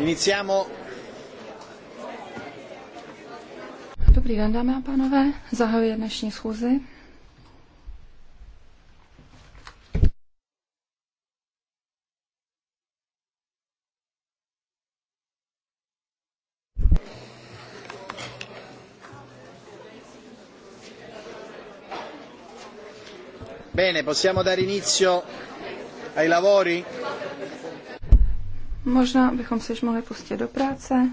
Iniciamo. Dobrý den, dámy a pánové. Zahajuje dnešní schůzi. Bene, possiamo dare inizio ai lavori? Možná bychom se již mohli pustit do práce.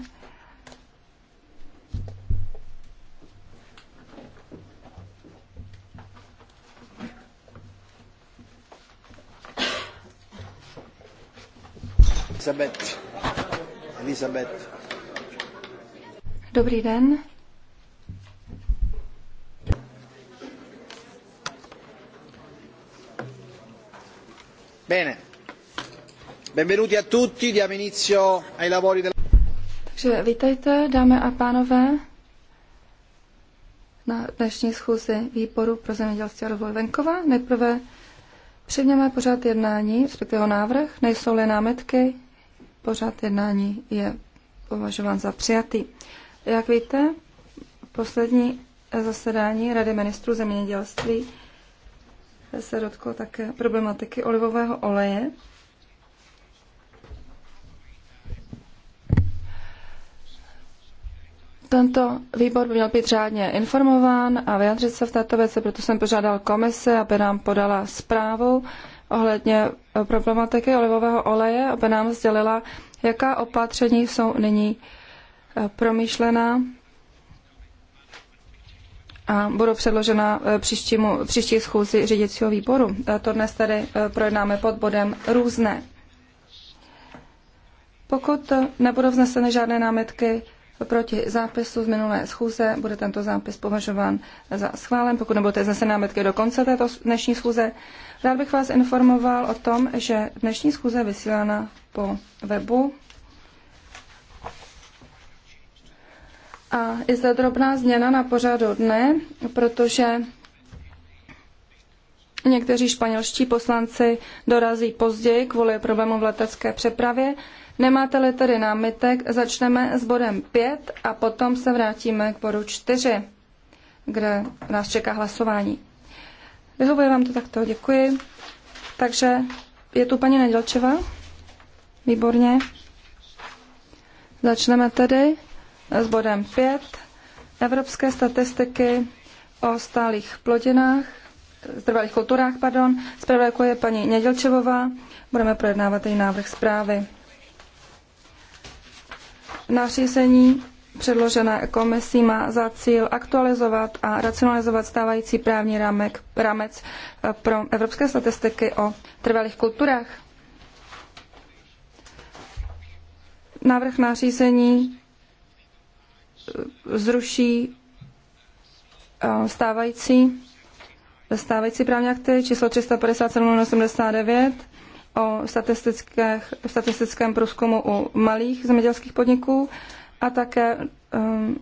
Elizabeth. Elizabeth. Dobrý den. Benvenuti a tutti, diamo inizio ai lavori della... Takže vítejte, dámy a pánové, na dnešní schůzi výboru pro zemědělství a rozvoj venkova. Nejprve přijměme pořád jednání, respektive návrh. Nejsou-li námitky, pořád jednání je považován za přijatý. Jak víte, poslední zasedání Rady ministrů zemědělství se dotklo také problematiky olivového oleje Tento výbor by měl být řádně informován a vyjádřit se v této věci, proto jsem požádal komisi, aby nám podala zprávu ohledně eh, problematiky olivového oleje, aby nám sdělila, jaká opatření jsou nyní eh, promýšlená a budou předložena eh, příštímu, příští schůzi řídicího výboru. To dnes tedy projednáme pod bodem různé. Pokud nebudou vzneseny žádné námitky, proti zápisu z minulé schůze. Bude tento zápis považován za schválen, pokud nebudete zase námitky do konce této dnešní schůze. Rád bych vás informoval o tom, že dnešní schůze je vysílána po webu. A je zde drobná změna na pořadu dne, protože někteří španělští poslanci dorazí později kvůli problému v letecké přepravě. Nemáte-li tedy námitek, začneme s bodem 5 a potom se vrátíme k bodu 4, kde nás čeká hlasování. Vyhovuje vám to takto, děkuji. Takže je tu paní Nedělčeva. Výborně. Začneme tedy s bodem 5. Evropské statistiky o stálých plodinách, zdravých kulturách, pardon. Zpravodajkou je paní Nedělčevová. Budeme projednávat její návrh zprávy. Nařízení předložené komisí má za cíl aktualizovat a racionalizovat stávající právní rámek, rámec eh, pro evropské statistiky o trvalých kulturách. Návrh nařízení eh, zruší eh, stávající, stávající právní akty číslo 357 89 o statistickém průzkumu u malých zemědělských podniků a také um,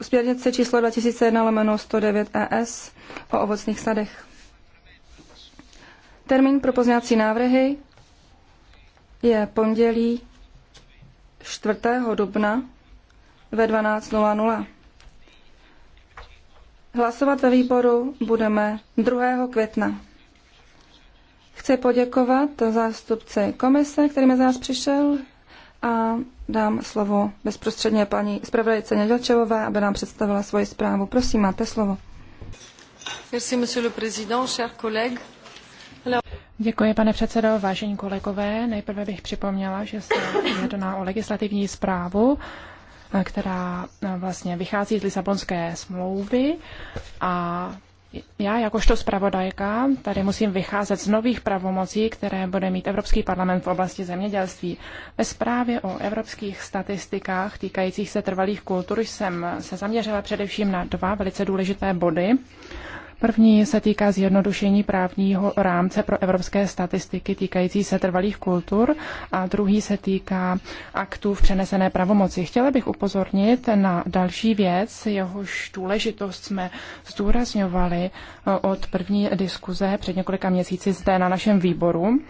směrnici číslo 2001 lomeno 109 ES o ovocných sadech. Termín pro pozměňovací návrhy je pondělí 4. dubna ve 12.00. Hlasovat ve výboru budeme 2. května. Chci poděkovat zástupce komise, který mezi nás přišel a dám slovo bezprostředně paní zpravodajce Nedělčevové, aby nám představila svoji zprávu. Prosím, máte slovo. Merci, monsieur le président, cher collègue. Děkuji, pane předsedo, vážení kolegové. Nejprve bych připomněla, že se jedná o legislativní zprávu, která vlastně vychází z Lisabonské smlouvy a já jakožto zpravodajka tady musím vycházet z nových pravomocí, které bude mít Evropský parlament v oblasti zemědělství. Ve zprávě o evropských statistikách týkajících se trvalých kultur jsem se zaměřila především na dva velice důležité body. První se týká zjednodušení právního rámce pro evropské statistiky týkající se trvalých kultur a druhý se týká aktů v přenesené pravomoci. Chtěla bych upozornit na další věc, jehož důležitost jsme zdůrazňovali eh, od první diskuze před několika měsíci zde na našem výboru.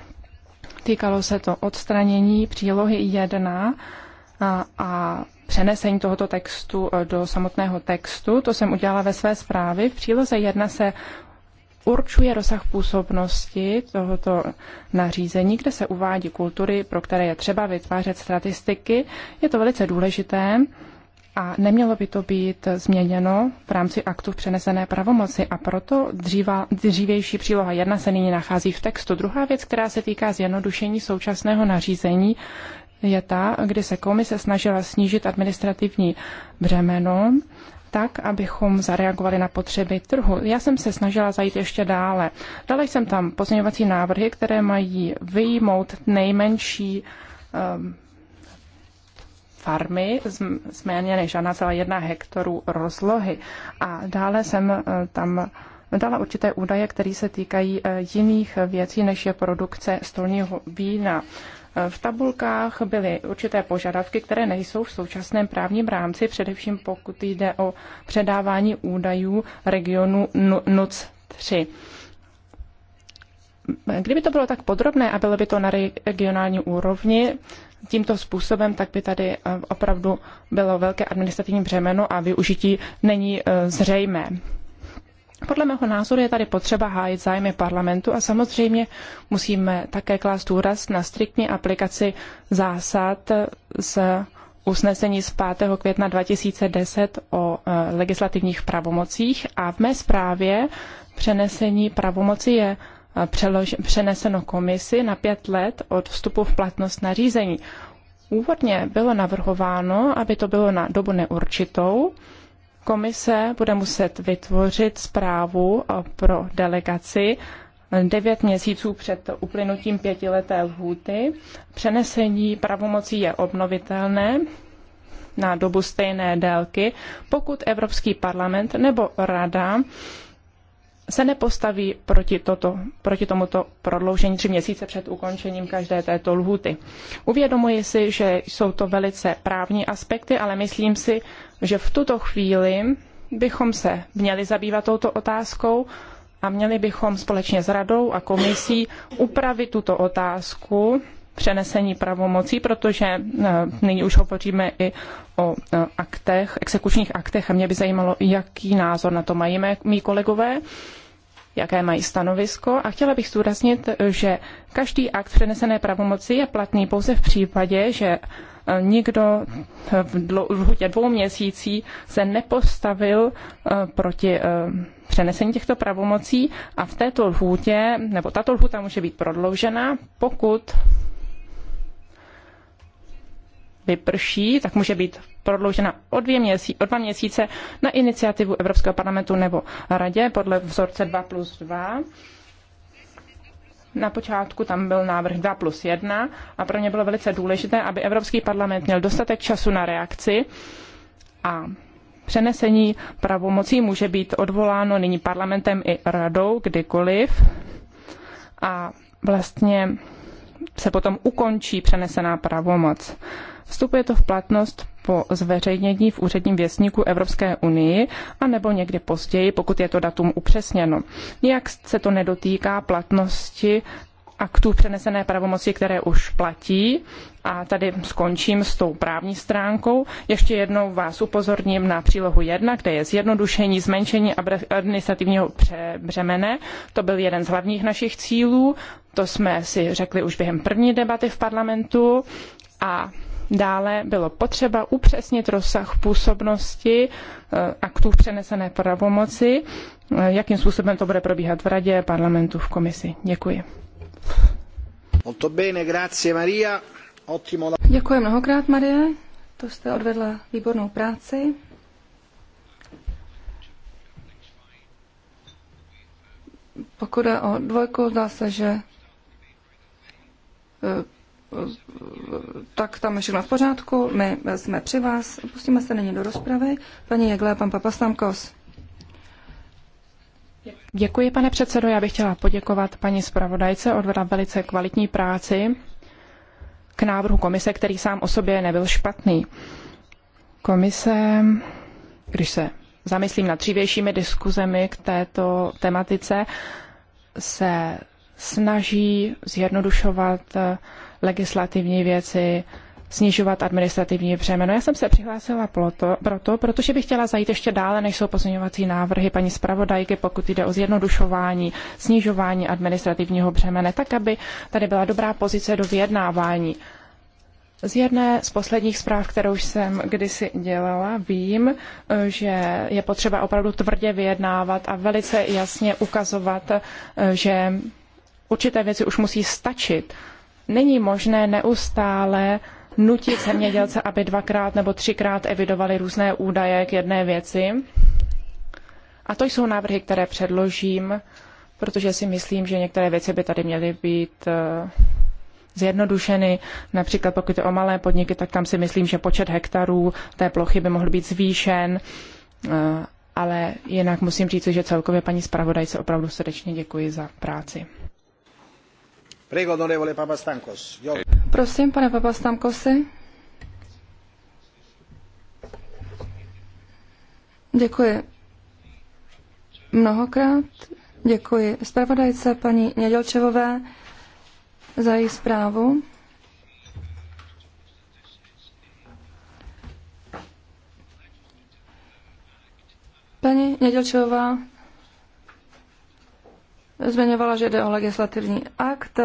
Týkalo se to odstranění přílohy 1 eh, a, a přenesení tohoto textu eh, do samotného textu. To jsem udělala ve své zprávě. V příloze 1 se určuje rozsah působnosti tohoto nařízení, kde se uvádí kultury, pro které je třeba vytvářet statistiky. Je to velice důležité a nemělo by to být změněno v rámci aktu v přenesené pravomoci a proto dříva, dřívější příloha 1 se nyní nachází v textu. Druhá věc, která se týká zjednodušení současného nařízení, je ta, kdy se komise snažila snížit administrativní břemeno tak, abychom zareagovali na potřeby trhu. Já jsem se snažila zajít ještě dále. Dala jsem tam pozměňovací návrhy, které mají vyjmout nejmenší um, farmy z, z méně než 1,1 hektaru rozlohy. A dále jsem uh, tam dala určité údaje, které se týkají eh, jiných věcí, než je produkce stolního vína. V tabulkách byly určité požadavky, které nejsou v současném právním rámci, především pokud jde o předávání údajů regionu NUC 3. Kdyby to bylo tak podrobné a bylo by to na regionální úrovni, tímto způsobem, tak by tady eh, opravdu bylo velké administrativní břemeno a využití není eh, zřejmé. Podle mého názoru je tady potřeba hájit zájmy parlamentu a samozřejmě musíme také klást důraz na striktní aplikaci zásad z usnesení z 5. května 2010 o e, legislativních pravomocích a v mé zprávě přenesení pravomoci je e, přeneseno komisi na pět let od vstupu v platnost nařízení. Úvodně bylo navrhováno, aby to bylo na dobu neurčitou, Komise bude muset vytvořit zprávu eh, pro delegaci devět měsíců před uplynutím pětileté lhůty. Přenesení pravomocí je obnovitelné na dobu stejné délky, pokud Evropský parlament nebo Rada se nepostaví proti, toto, proti tomuto prodloužení tři měsíce před ukončením každé této lhuty. Uvědomuji si, že jsou to velice právní aspekty, ale myslím si, že v tuto chvíli bychom se měli zabývat touto otázkou a měli bychom společně s radou a komisí upravit tuto otázku přenesení pravomocí, protože eh, nyní už hovoříme i o eh, aktech, exekučních aktech a mě by zajímalo, jaký názor na to mají mé, mý kolegové, jaké mají stanovisko a chtěla bych zdůraznit, že každý akt přenesené pravomoci je platný pouze v případě, že eh, nikdo v lhutě dvou měsící se nepostavil proti přenesení těchto pravomocí a v této lhůtě, nebo tato lhůta může být prodloužena, pokud vyprší, tak může být prodloužena o, dvě měsí, o dva měsíce na iniciativu Evropského parlamentu nebo radě podle vzorce 2 plus 2. Na počátku tam byl návrh 2 plus 1 a pro ně bylo velice důležité, aby Evropský parlament měl dostatek času na reakci a přenesení pravomocí může být odvoláno nyní parlamentem i radou kdykoliv a vlastně se potom ukončí přenesená pravomoc. Vstupuje to v platnost po zveřejnění v úředním věstníku Evropské unii a nebo někdy později, pokud je to datum upřesněno. Nijak se to nedotýká platnosti aktů přenesené pravomoci, které už platí. A tady skončím s tou právní stránkou. Ještě jednou vás upozorním na přílohu 1, kde je zjednodušení, zmenšení administrativního břemene. To byl jeden z hlavních našich cílů. To jsme si řekli už během první debaty v parlamentu. A Dále bylo potřeba upřesnit rozsah působnosti eh, aktů v přenesené pravomoci, eh, jakým způsobem to bude probíhat v radě, parlamentu, v komisi. Děkuji. Molto bene, grazie Maria. Ottimo. Děkuji mnohokrát, Marie. To jste odvedla výbornou práci. Pokud je o dvojku, zdá se, že eh, tak tam je všechno v pořádku, my jsme při vás, pustíme se nyní do rozpravy. Paní Jegle pan Papa Papastamkos. Děkuji, pane předsedo. Já bych chtěla poděkovat paní zpravodajce, odvedla velice kvalitní práci k návrhu komise, který sám o sobě nebyl špatný. Komise, když se zamyslím nad dřívějšími diskuzemi k této tematice, se snaží zjednodušovat eh, legislativní věci, snižovat administrativní břemeno. Já jsem se přihlásila proto, proto, protože bych chtěla zajít ještě dále, než jsou pozměňovací návrhy paní zpravodajky, pokud jde o zjednodušování, snižování administrativního břemene, tak aby tady byla dobrá pozice do vyjednávání. Z jedné z posledních zpráv, kterou jsem kdysi dělala, vím, eh, že je potřeba opravdu tvrdě vyjednávat a velice jasně ukazovat, eh, že určité věci už musí stačit. Není možné neustále nutit zemědělce, aby dvakrát nebo třikrát evidovali různé údaje k jedné věci. A to jsou návrhy, které předložím, protože si myslím, že některé věci by tady měly být eh, zjednodušeny. Například pokud je o malé podniky, tak tam si myslím, že počet hektarů té plochy by mohl být zvýšen. Eh, ale jinak musím říct, že celkově paní zpravodajce opravdu srdečně děkuji za práci. Prosím, pane Papastamkosi. Děkuji mnohokrát. Děkuji zpravodajce paní Nědělčevové za její zprávu. Paní Nědělčová zmiňovala, že jde o legislativní akt.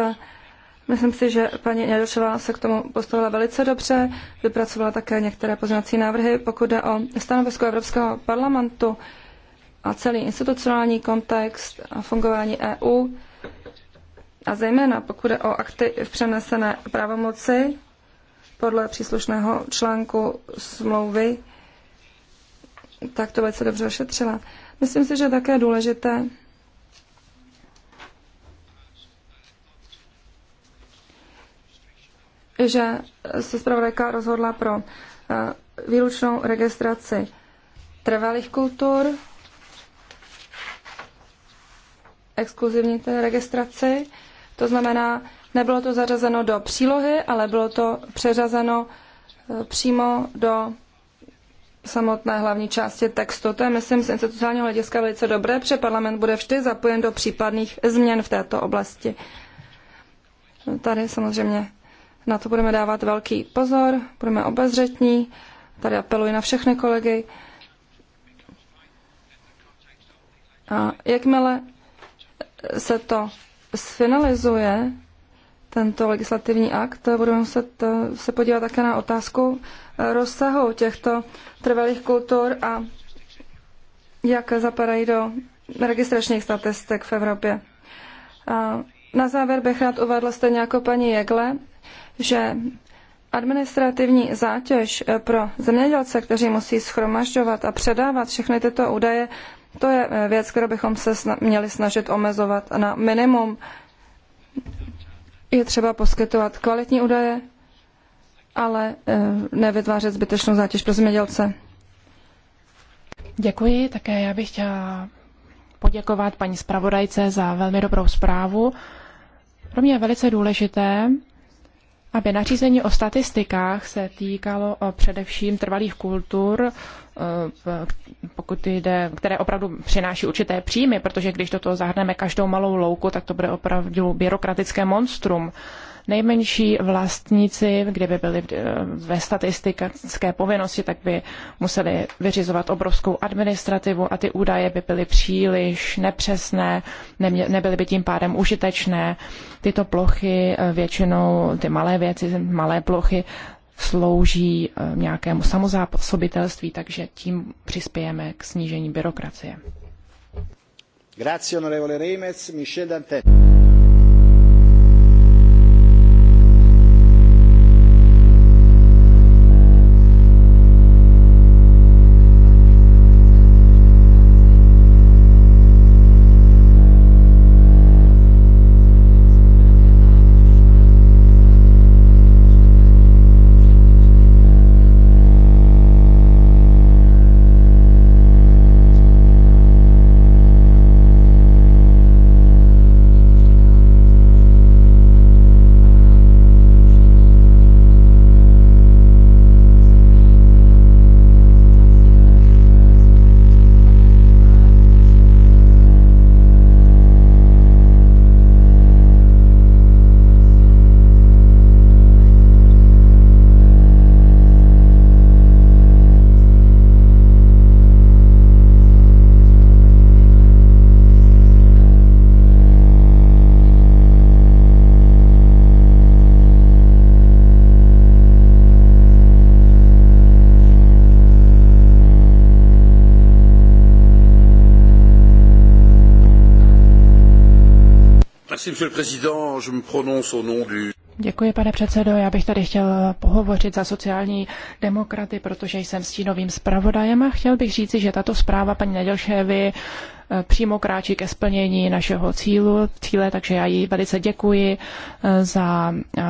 Myslím si, že paní Jadošová se k tomu postavila velice dobře, vypracovala také některé poznací návrhy, pokud jde o stanovisko Evropského parlamentu a celý institucionální kontext a fungování EU, a zejména pokud jde o akty v přenesené pravomoci podle příslušného článku smlouvy, tak to velice dobře ošetřila. Myslím si, že je také důležité že se zpravodajka rozhodla pro eh, výlučnou registraci trvalých kultur, exkluzivní té registraci. To znamená, nebylo to zařazeno do přílohy, ale bylo to přeřazeno eh, přímo do samotné hlavní části textu. To je, myslím, z institucionálního hlediska velice dobré, protože parlament bude vždy zapojen do případných změn v této oblasti. Tady samozřejmě na to budeme dávat velký pozor, budeme obezřetní. Tady apeluji na všechny kolegy. A jakmile se to sfinalizuje, tento legislativní akt, budeme muset eh, se podívat také na otázku eh, rozsahu těchto trvalých kultur a jak zapadají do registračních statistik v Evropě. A na závěr bych rád uvedl stejně jako paní Jegle, že administrativní zátěž eh, pro zemědělce, kteří musí schromažďovat a předávat všechny tyto údaje, to je eh, věc, kterou bychom se měli snažit omezovat na minimum. Je třeba poskytovat kvalitní údaje, ale eh, nevytvářet zbytečnou zátěž pro zemědělce. Děkuji, také já bych chtěla poděkovat paní zpravodajce za velmi dobrou zprávu. Pro mě je velice důležité, aby nařízení o statistikách se týkalo o eh, především trvalých kultur, eh, pokud jde, které opravdu přináší určité příjmy, protože když do toho zahrneme každou malou louku, tak to bude opravdu byrokratické monstrum nejmenší vlastníci, kdyby byli eh, ve statistické povinnosti, tak by museli vyřizovat obrovskou administrativu a ty údaje by byly příliš nepřesné, nebyly by tím pádem užitečné. Tyto plochy eh, většinou, ty malé věci, malé plochy, slouží eh, nějakému samozásobitelství, takže tím přispějeme k snížení byrokracie. Grazie, onorevole Reimers, Michel Dantin. Děkuji, pane předsedo. Já bych tady chtěl pohovořit za sociální demokraty, protože jsem stínovým zpravodajem a chtěl bych říci, že tato zpráva paní Nedělševy přímo kráčí ke splnění našeho cílu, cíle, takže já jí velice děkuji eh, za eh,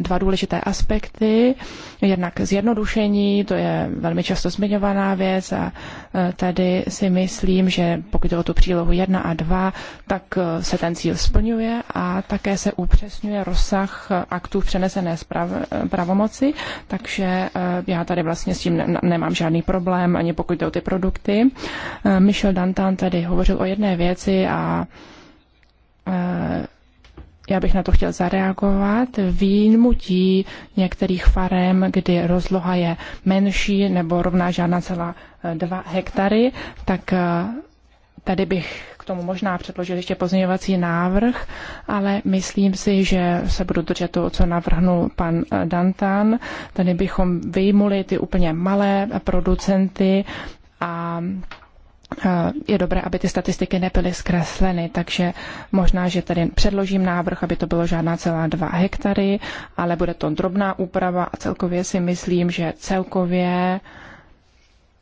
dva důležité aspekty. Jednak zjednodušení, to je velmi často zmiňovaná věc a eh, tady si myslím, že pokud o tu přílohu 1 a 2, tak se ten cíl splňuje a také se upřesňuje rozsah aktů přenesené prav, pravomoci, takže já tady vlastně s tím nemám žádný problém, ani pokud jde o ty produkty. Michel Dantan tady tady hovořil o jedné věci a já bych na to chtěl zareagovat, výjimutí některých farem, kdy rozloha je menší nebo rovná žádná celá eh, dva hektary, tak eh, tady bych k tomu možná předložil ještě pozměňovací návrh, ale myslím si, že se budu držet toho, co navrhnul pan eh, Dantan. Tady bychom vyjmuli ty úplně malé producenty a Eh, je dobré, aby ty statistiky nebyly zkresleny, takže možná, že tady předložím návrh, aby to bylo žádná celá dva hektary, ale bude to drobná úprava a celkově si myslím, že celkově uh,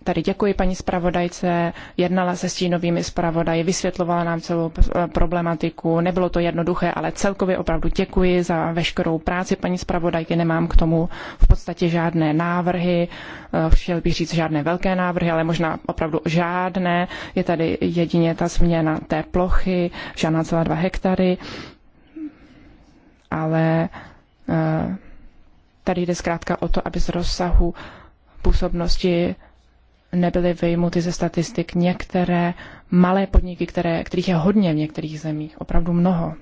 Tady děkuji paní zpravodajce, jednala se stínovými zpravodaji, vysvětlovala nám celou eh, problematiku. Nebylo to jednoduché, ale celkově opravdu děkuji za veškerou práci paní zpravodajky. Nemám k tomu v podstatě žádné návrhy, eh, chtěl bych říct žádné velké návrhy, ale možná opravdu žádné. Je tady jedině ta změna té plochy, žádná celá dva hektary, ale eh, tady jde zkrátka o to, aby z rozsahu působnosti nebyly vyjmuty ze statistik některé malé podniky, které, kterých je hodně v některých zemích, opravdu mnoho.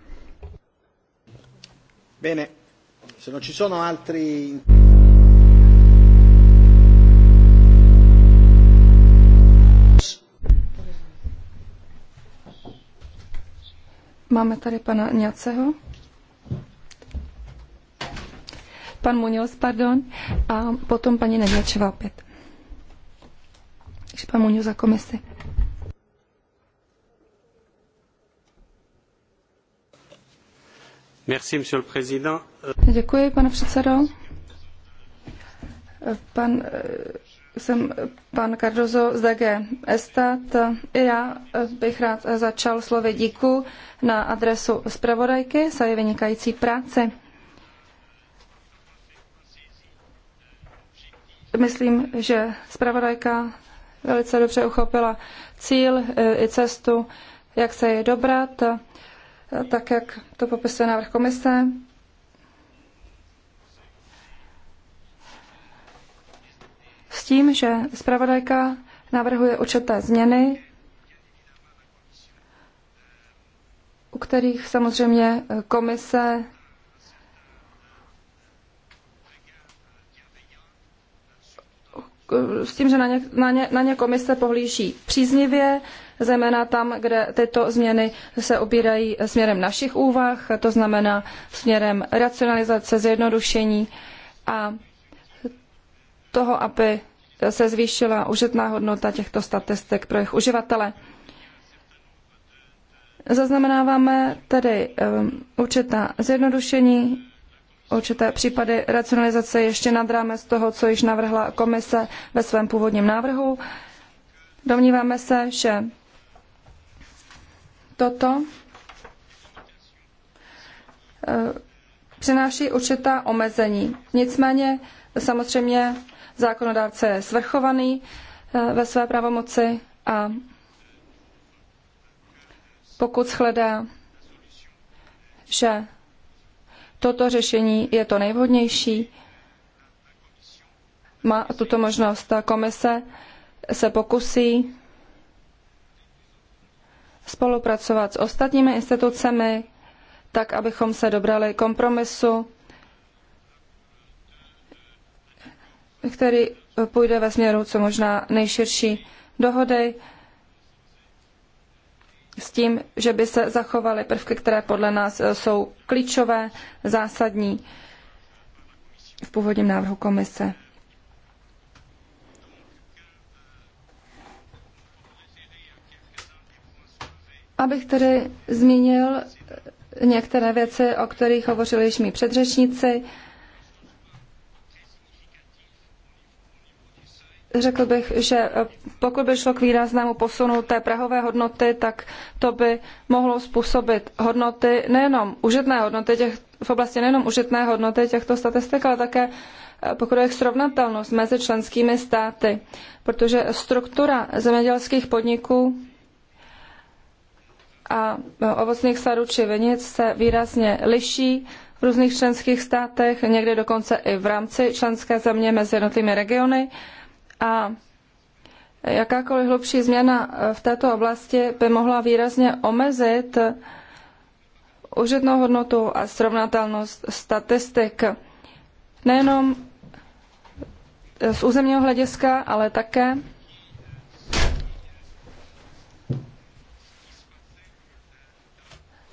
Bene. Se non ci sono altri... Máme tady pana Něceho. Pan Muñoz, pardon. A potom paní Neděčeva opět. Takže pan za komisi. Merci, monsieur le président. Děkuji, pane předsedo. Pan, jsem pan Cardozo z DG Estat. I já bych rád začal slovy díku na adresu zpravodajky za je vynikající práci. Myslím, že zpravodajka velice dobře uchopila cíl e, i cestu, jak se je dobrat, e, tak jak to popisuje návrh komise. S tím, že zpravodajka navrhuje určité změny, u kterých samozřejmě komise s tím, že na ně, na, ně, na ně komise pohlíží příznivě, zejména tam, kde tyto změny se obírají směrem našich úvah, to znamená směrem racionalizace, zjednodušení a toho, aby se zvýšila užitná hodnota těchto statistik pro jejich uživatele. Zaznamenáváme tedy um, určitá zjednodušení určité případy racionalizace ještě nad rámec toho, co již navrhla komise ve svém původním návrhu. Domníváme se, že toto eh, přináší určitá omezení. Nicméně samozřejmě zákonodárce je svrchovaný eh, ve své pravomoci a pokud shledá, že toto řešení je to nejvhodnější. Má tuto možnost. a komise se pokusí spolupracovat s ostatními institucemi, tak abychom se dobrali kompromisu, který půjde ve směru co možná nejširší dohody s tím, že by se zachovaly prvky, které podle nás eh, jsou klíčové, zásadní v původním návrhu komise. Abych tedy zmínil eh, některé věci, o kterých hovořili již mý předřečníci, řekl bych, že pokud by šlo k výraznému posunu té prahové hodnoty, tak to by mohlo způsobit hodnoty, nejenom užitné hodnoty těch, v oblasti nejenom užitné hodnoty těchto statistik, ale také eh, pokud je srovnatelnost mezi členskými státy, protože struktura zemědělských podniků a eh, ovocných sadů či vinic se výrazně liší v různých členských státech, někde dokonce i v rámci členské země mezi jednotlivými regiony a jakákoliv hlubší změna eh, v této oblasti by mohla výrazně omezit eh, užitnou hodnotu a srovnatelnost statistik. Nejenom eh, z územního hlediska, ale také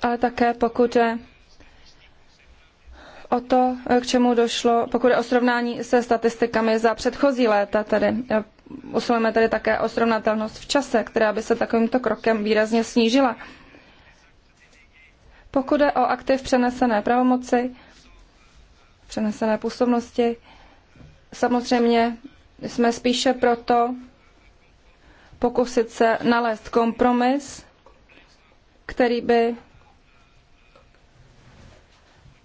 ale také pokud je o to, k čemu došlo, pokud je o srovnání se statistikami za předchozí léta, tedy eh, usilujeme tedy také o srovnatelnost v čase, která by se takovýmto krokem výrazně snížila. Pokud je o aktiv přenesené pravomoci, přenesené působnosti, samozřejmě jsme spíše proto pokusit se nalézt kompromis, který by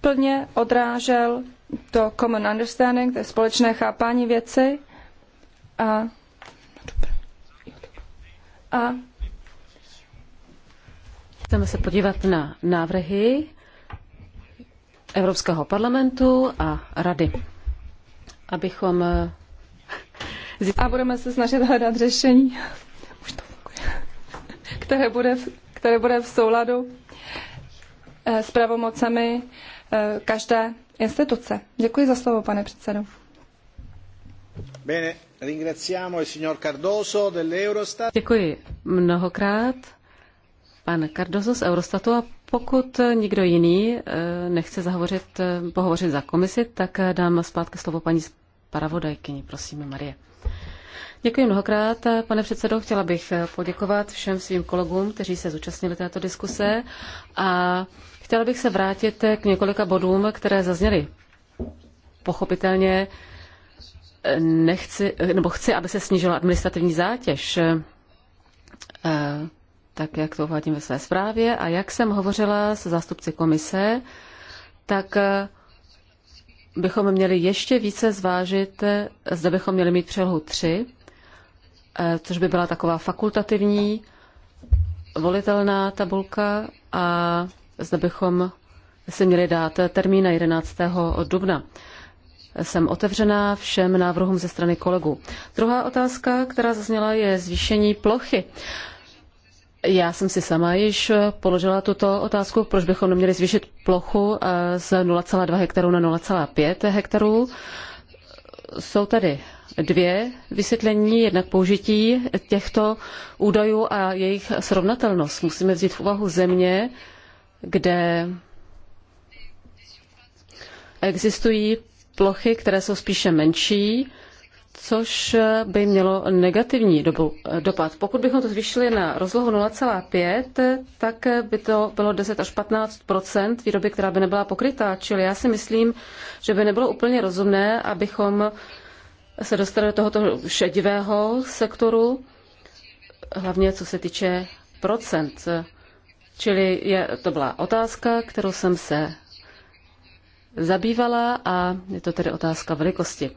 plně odrážel to common understanding, to je společné chápání věci a, a Chceme se podívat na návrhy Evropského parlamentu a rady, abychom a budeme se snažit hledat řešení, které bude, které bude v souladu eh, s pravomocemi Eh, každé instituce. Děkuji za slovo, pane předsedo. Bene, ringraziamo il signor Cardoso dell'Eurostat. Děkuji mnohokrát, pan Cardoso z Eurostatu a pokud nikdo jiný eh, nechce zahovořit, eh, pohovořit za komisi, tak dám zpátky slovo paní paravodajkyni, prosím, Marie. Děkuji mnohokrát, pane předsedo. Chtěla bych poděkovat všem svým kolegům, kteří se zúčastnili této diskuse a Chtěl bych se vrátit k několika bodům, které zazněly. Pochopitelně eh, nechci, eh, nebo chci, aby se snížila administrativní zátěž, eh, tak jak to uvádím ve své zprávě. A jak jsem hovořila s zástupci komise, tak bychom měli ještě více zvážit, zde bychom měli mít přelhu 3, což by byla taková fakultativní volitelná tabulka a zda bychom si měli dát termín na 11. dubna. Jsem otevřená všem návrhům ze strany kolegů. Druhá otázka, která zazněla, je zvýšení plochy. Já jsem si sama již položila tuto otázku, proč bychom neměli zvýšit plochu eh, z 0,2 hektarů na 0,5 hektarů. Jsou tady dvě vysvětlení, jednak použití těchto údajů a jejich srovnatelnost. Musíme vzít v úvahu země, kde existují plochy, které jsou spíše menší, což by mělo negativní dobu, dopad. Pokud bychom to zvýšili na rozlohu 0,5, tak by to bylo 10 až 15 výroby, která by nebyla pokrytá. Čili já si myslím, že by nebylo úplně rozumné, abychom se dostali do tohoto šedivého sektoru, hlavně co se týče procent. Čili je, to byla otázka, kterou jsem se zabývala a je to tedy otázka velikosti.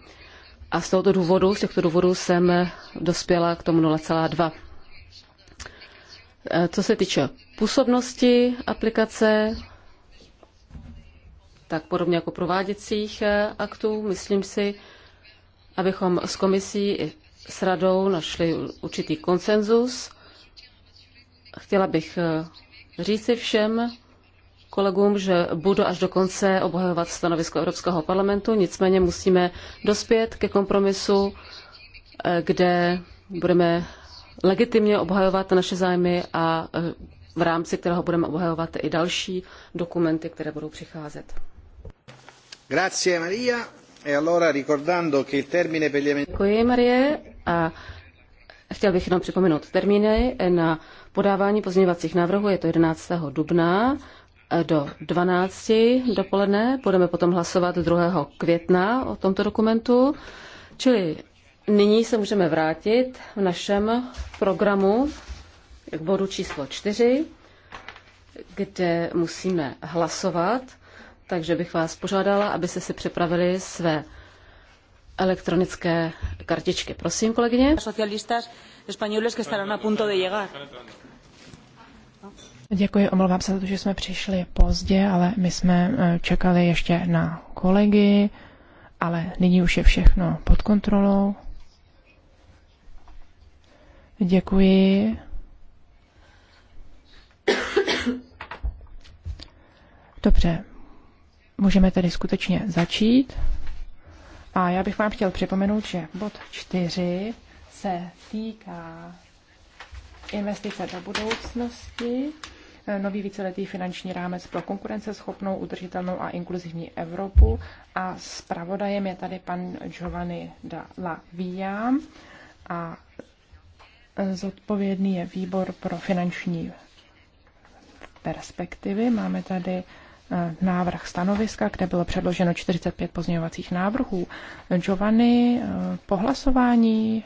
A z tohoto důvodu, z těchto důvodů jsem dospěla k tomu 0,2. E, co se týče působnosti aplikace, tak podobně jako prováděcích e, aktů, myslím si, abychom s komisí i s radou našli určitý konsenzus. Chtěla bych e, říci všem kolegům, že budu až do konce obhajovat stanovisko Evropského parlamentu, nicméně musíme dospět ke kompromisu, eh, kde budeme legitimně obhajovat naše zájmy a eh, v rámci kterého budeme obhajovat i další dokumenty, které budou přicházet. Grazie Maria. E allora ricordando che il termine per gli emendamenti... Děkuji Marie a chtěl bych jenom připomenout termíny na podávání pozměňovacích návrhů, je to 11. dubna eh, do 12. dopoledne. Budeme potom hlasovat 2. května o tomto dokumentu. Čili nyní se můžeme vrátit v našem programu k bodu číslo 4, kde musíme hlasovat. Takže bych vás požádala, abyste si připravili své elektronické kartičky. Prosím, kolegyně. Socialistas españoles que estarán a punto de llegar. Děkuji, omlouvám se za to, že jsme přišli pozdě, ale my jsme eh, čekali ještě na kolegy, ale nyní už je všechno pod kontrolou. Děkuji. Dobře, můžeme tedy skutečně začít. A já bych vám chtěl připomenout, že bod 4 se týká investice do budoucnosti. Eh, nový víceletý finanční rámec pro konkurenceschopnou, udržitelnou a inkluzivní Evropu. A zpravodajem je tady pan Giovanni da La Via a eh, zodpovědný je výbor pro finanční perspektivy. Máme tady eh, návrh stanoviska, kde bylo předloženo 45 pozměňovacích návrhů. Giovanni, po hlasování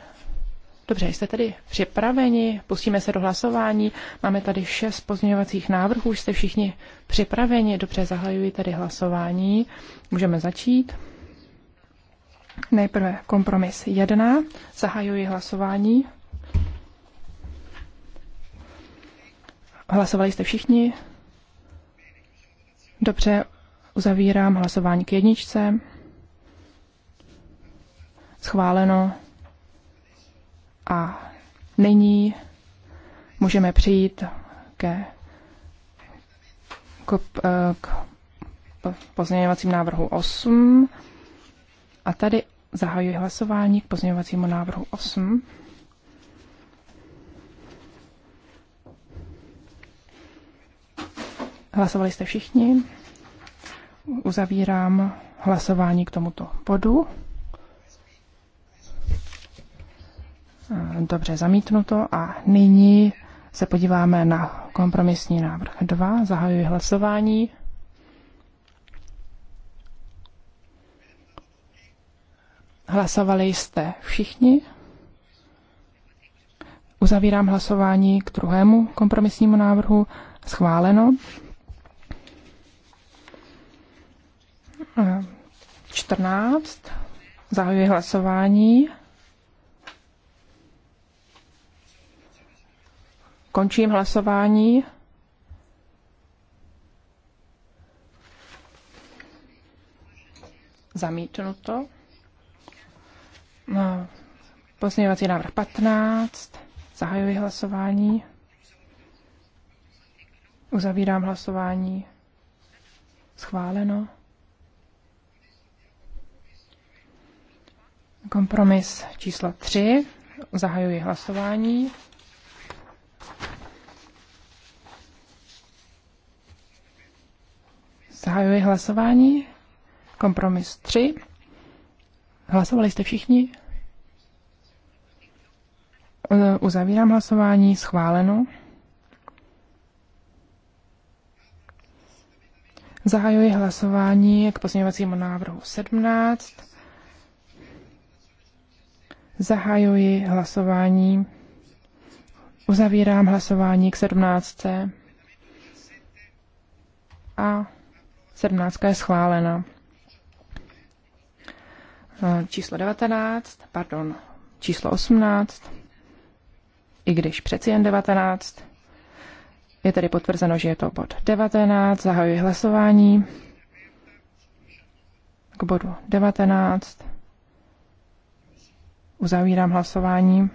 Dobře, jste tedy připraveni, pustíme se do hlasování. Máme tady šest pozměňovacích návrhů, jste všichni připraveni. Dobře, zahajuji tedy hlasování. Můžeme začít. Nejprve kompromis 1. Zahajuji hlasování. Hlasovali jste všichni? Dobře, uzavírám hlasování k jedničce. Schváleno. A nyní můžeme přijít ke k, eh, k pozměňovacím návrhu 8. A tady zahajuji hlasování k pozměňovacímu návrhu 8. Hlasovali jste všichni. Uzavírám hlasování k tomuto bodu. Dobře, zamítnuto. A nyní se podíváme na kompromisní návrh 2. Zahajuji hlasování. Hlasovali jste všichni? Uzavírám hlasování k druhému kompromisnímu návrhu. Schváleno. 14. Zahajuji hlasování. Končím hlasování. Zamítnuto. No, pozměňovací návrh 15. Zahajuji hlasování. Uzavírám hlasování. Schváleno. Kompromis číslo 3. Zahajuji hlasování. Zahajuji hlasování. Kompromis 3. Hlasovali jste všichni? Uzavírám hlasování. Schváleno. Zahajuji hlasování k pozměňovacímu návrhu 17. Zahajuji hlasování. Uzavírám hlasování k 17. A 17 je schválena. E, číslo 19, pardon, číslo 18, i když přeci jen 19. Je tedy potvrzeno, že je to bod 19, zahajuji hlasování k bodu 19. Uzavírám hlasování.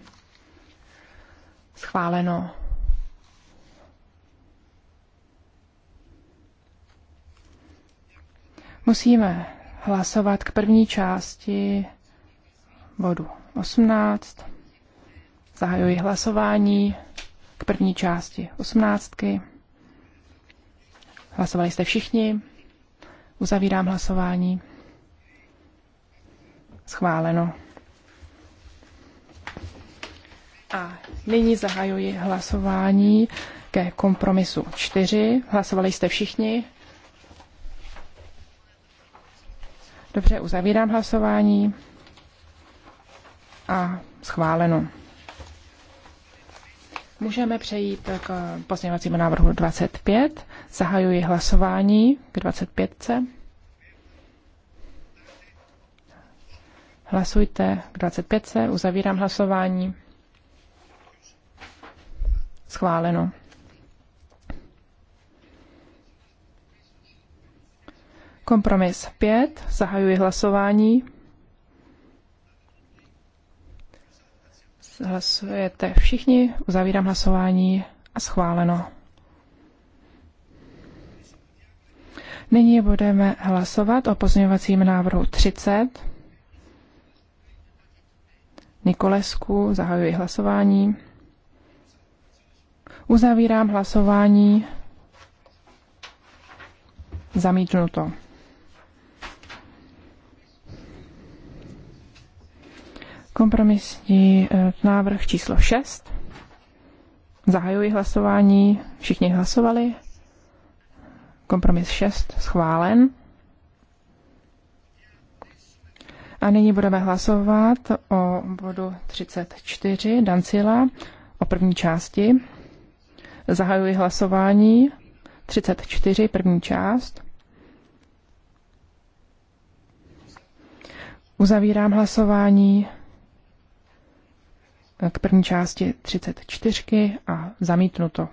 Schváleno Musíme hlasovat k první části bodu 18. Zahajuji hlasování k první části 18. Hlasovali jste všichni. Uzavírám hlasování. Schváleno. A nyní zahajuji hlasování ke kompromisu 4. Hlasovali jste všichni. Dobře, uzavírám hlasování a schváleno. Můžeme přejít k pozměňovacímu návrhu 25. Zahajuji hlasování k 25. Hlasujte k 25. Uzavírám hlasování. Schváleno. Kompromis 5. Zahajuji hlasování. Hlasujete všichni, uzavírám hlasování a schváleno. Nyní budeme hlasovat o pozměňovacím návrhu 30. Nikolesku, zahajuji hlasování. Uzavírám hlasování. Zamítnuto. Kompromisní e, návrh číslo 6. Zahajuji hlasování. Všichni hlasovali. Kompromis 6 schválen. A nyní budeme hlasovat o bodu 34 Dancila, o první části. Zahajuji hlasování 34, první část. Uzavírám hlasování k první části 34 a zamítnuto.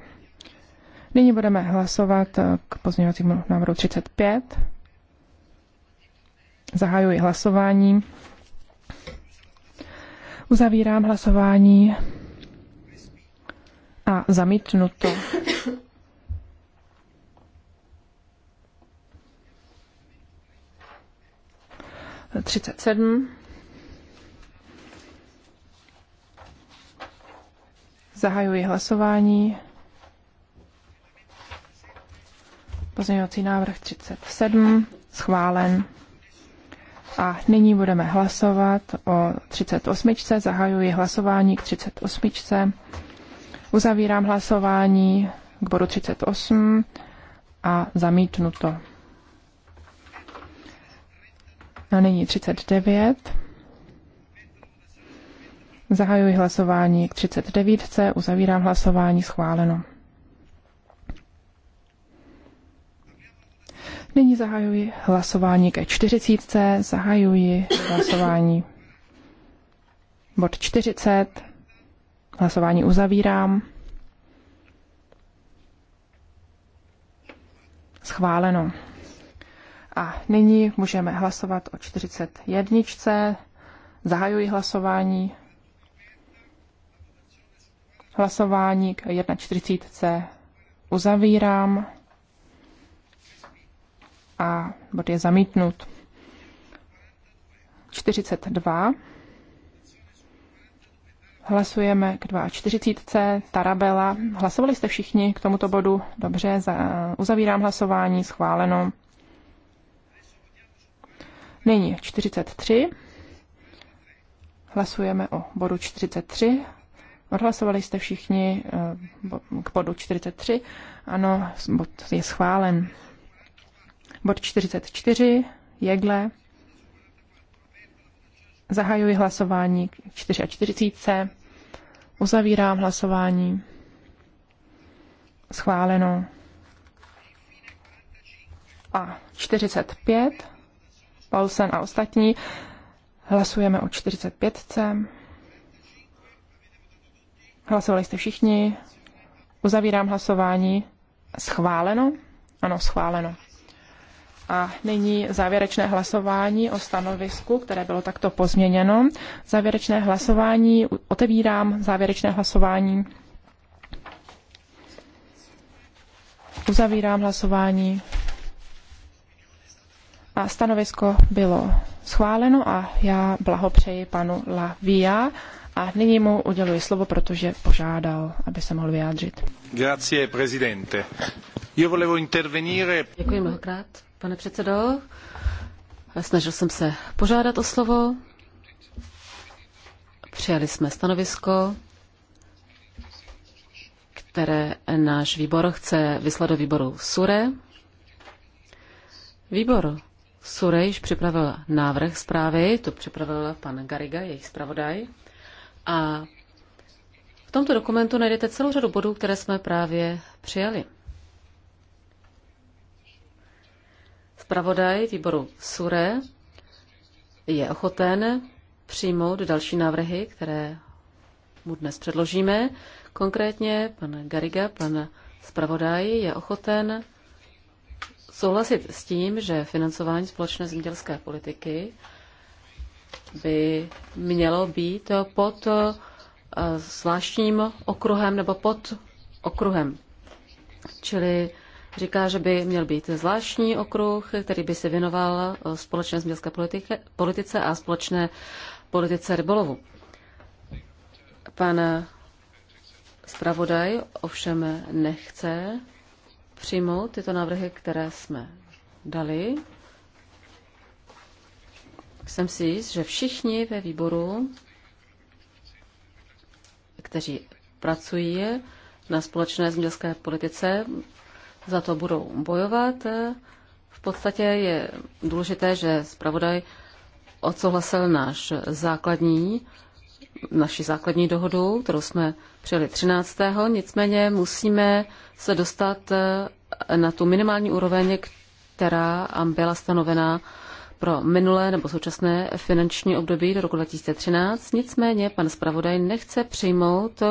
Nyní budeme hlasovat k pozměňovacímu návrhu 35. Zahajuji hlasování. Uzavírám hlasování a to. Třicet sedm. Zahajuji hlasování. Pozměňovací návrh 37 schválen. A nyní budeme hlasovat o 38. Zahajuji hlasování k 38. Uzavírám hlasování k bodu 38 a zamítnuto. A nyní 39. Zahajuji hlasování k 39. Uzavírám hlasování. Schváleno. Nyní zahajuji hlasování ke 40. Zahajuji hlasování. Bod 40. Hlasování uzavírám. Schváleno. A nyní můžeme hlasovat o 41. Zahajuji hlasování. Hlasování k 1.40 uzavírám a bod je zamítnut. 42. Hlasujeme k 42. Tarabela. Hlasovali jste všichni k tomuto bodu? Dobře, za, uzavírám hlasování, schváleno. Nyní 43. Hlasujeme o bodu 43. Odhlasovali jste všichni eh, k bodu 43. Ano, bod je schválen. Bod 44, Jegle. Zahajuji hlasování k 44. Uzavírám hlasování. Schváleno. A 45. Paulsen a ostatní. Hlasujeme o 45. Hlasovali jste všichni. Uzavírám hlasování. Schváleno? Ano, schváleno. A nyní závěrečné hlasování o stanovisku, které bylo takto pozměněno. Závěrečné hlasování, otevírám závěrečné hlasování. Uzavírám hlasování. A stanovisko bylo schváleno a já blahopřeji panu Lavia. A nyní mu uděluji slovo, protože požádal, aby se mohl vyjádřit. Grazie, prezidente. Io volevo intervenire... Děkuji mnohokrát, pane předsedo. Snažil jsem se požádat o slovo. Přijali jsme stanovisko, které náš výbor chce vyslat do výboru SURE. Výbor SURE již připravil návrh zprávy, to připravil pan Gariga, jejich zpravodaj. A v tomto dokumentu najdete celou řadu bodů, které jsme právě přijali. Spravodaj výboru SURE je ochoten přijmout další návrhy, které mu dnes předložíme. Konkrétně pan Gariga, pan zpravodaj, je ochoten souhlasit s tím, že financování společné zemědělské politiky by mělo být pod eh, zvláštním okruhem nebo pod okruhem. Čili říká, že by měl být zvláštní okruh, který by se věnoval eh, společné zemědělské politice a společné politice rybolovu. Pan zpravodaj ovšem nechce přijmout tyto návrhy, které jsme dali jsem si jist, že všichni ve výboru, kteří pracují na společné zemědělské politice, za to budou bojovat. V podstatě je důležité, že zpravodaj odsouhlasil náš základní, naši základní dohodu, kterou jsme přijeli 13. Nicméně musíme se dostat na tu minimální úroveň, která byla stanovená pro minulé nebo současné finanční období do roku 2013. Nicméně pan zpravodaj nechce přijmout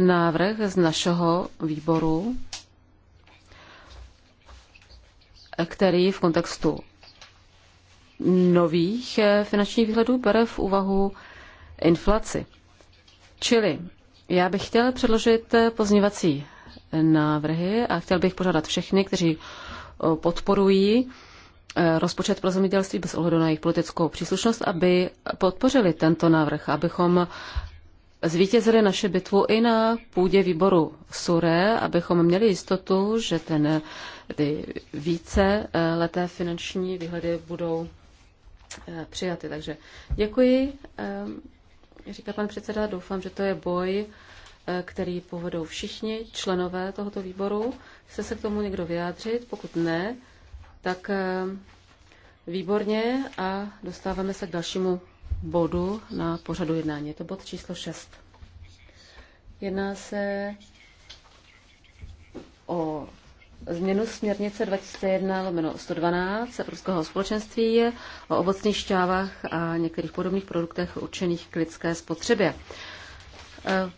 návrh z našeho výboru, který v kontextu nových finančních výhledů bere v úvahu inflaci. Čili já bych chtěl předložit pozněvací návrhy a chtěl bych požádat všechny, kteří podporují Eh, rozpočet pro zemědělství bez ohledu na jejich politickou příslušnost, aby podpořili tento návrh, abychom zvítězili naše bitvu i na půdě výboru SURE, abychom měli jistotu, že ten, ty více eh, leté finanční výhledy budou eh, přijaty. Takže děkuji, říká pan předseda, doufám, že to je boj, který povedou všichni členové tohoto výboru. Chce se k tomu někdo vyjádřit? Pokud ne, tak eh, výborně a dostáváme se k dalšímu bodu na pořadu jednání. Je to bod číslo 6. Jedná se o změnu směrnice 2001-112 Evropského společenství o ovocných šťávách a některých podobných produktech určených k lidské spotřebě. Eh,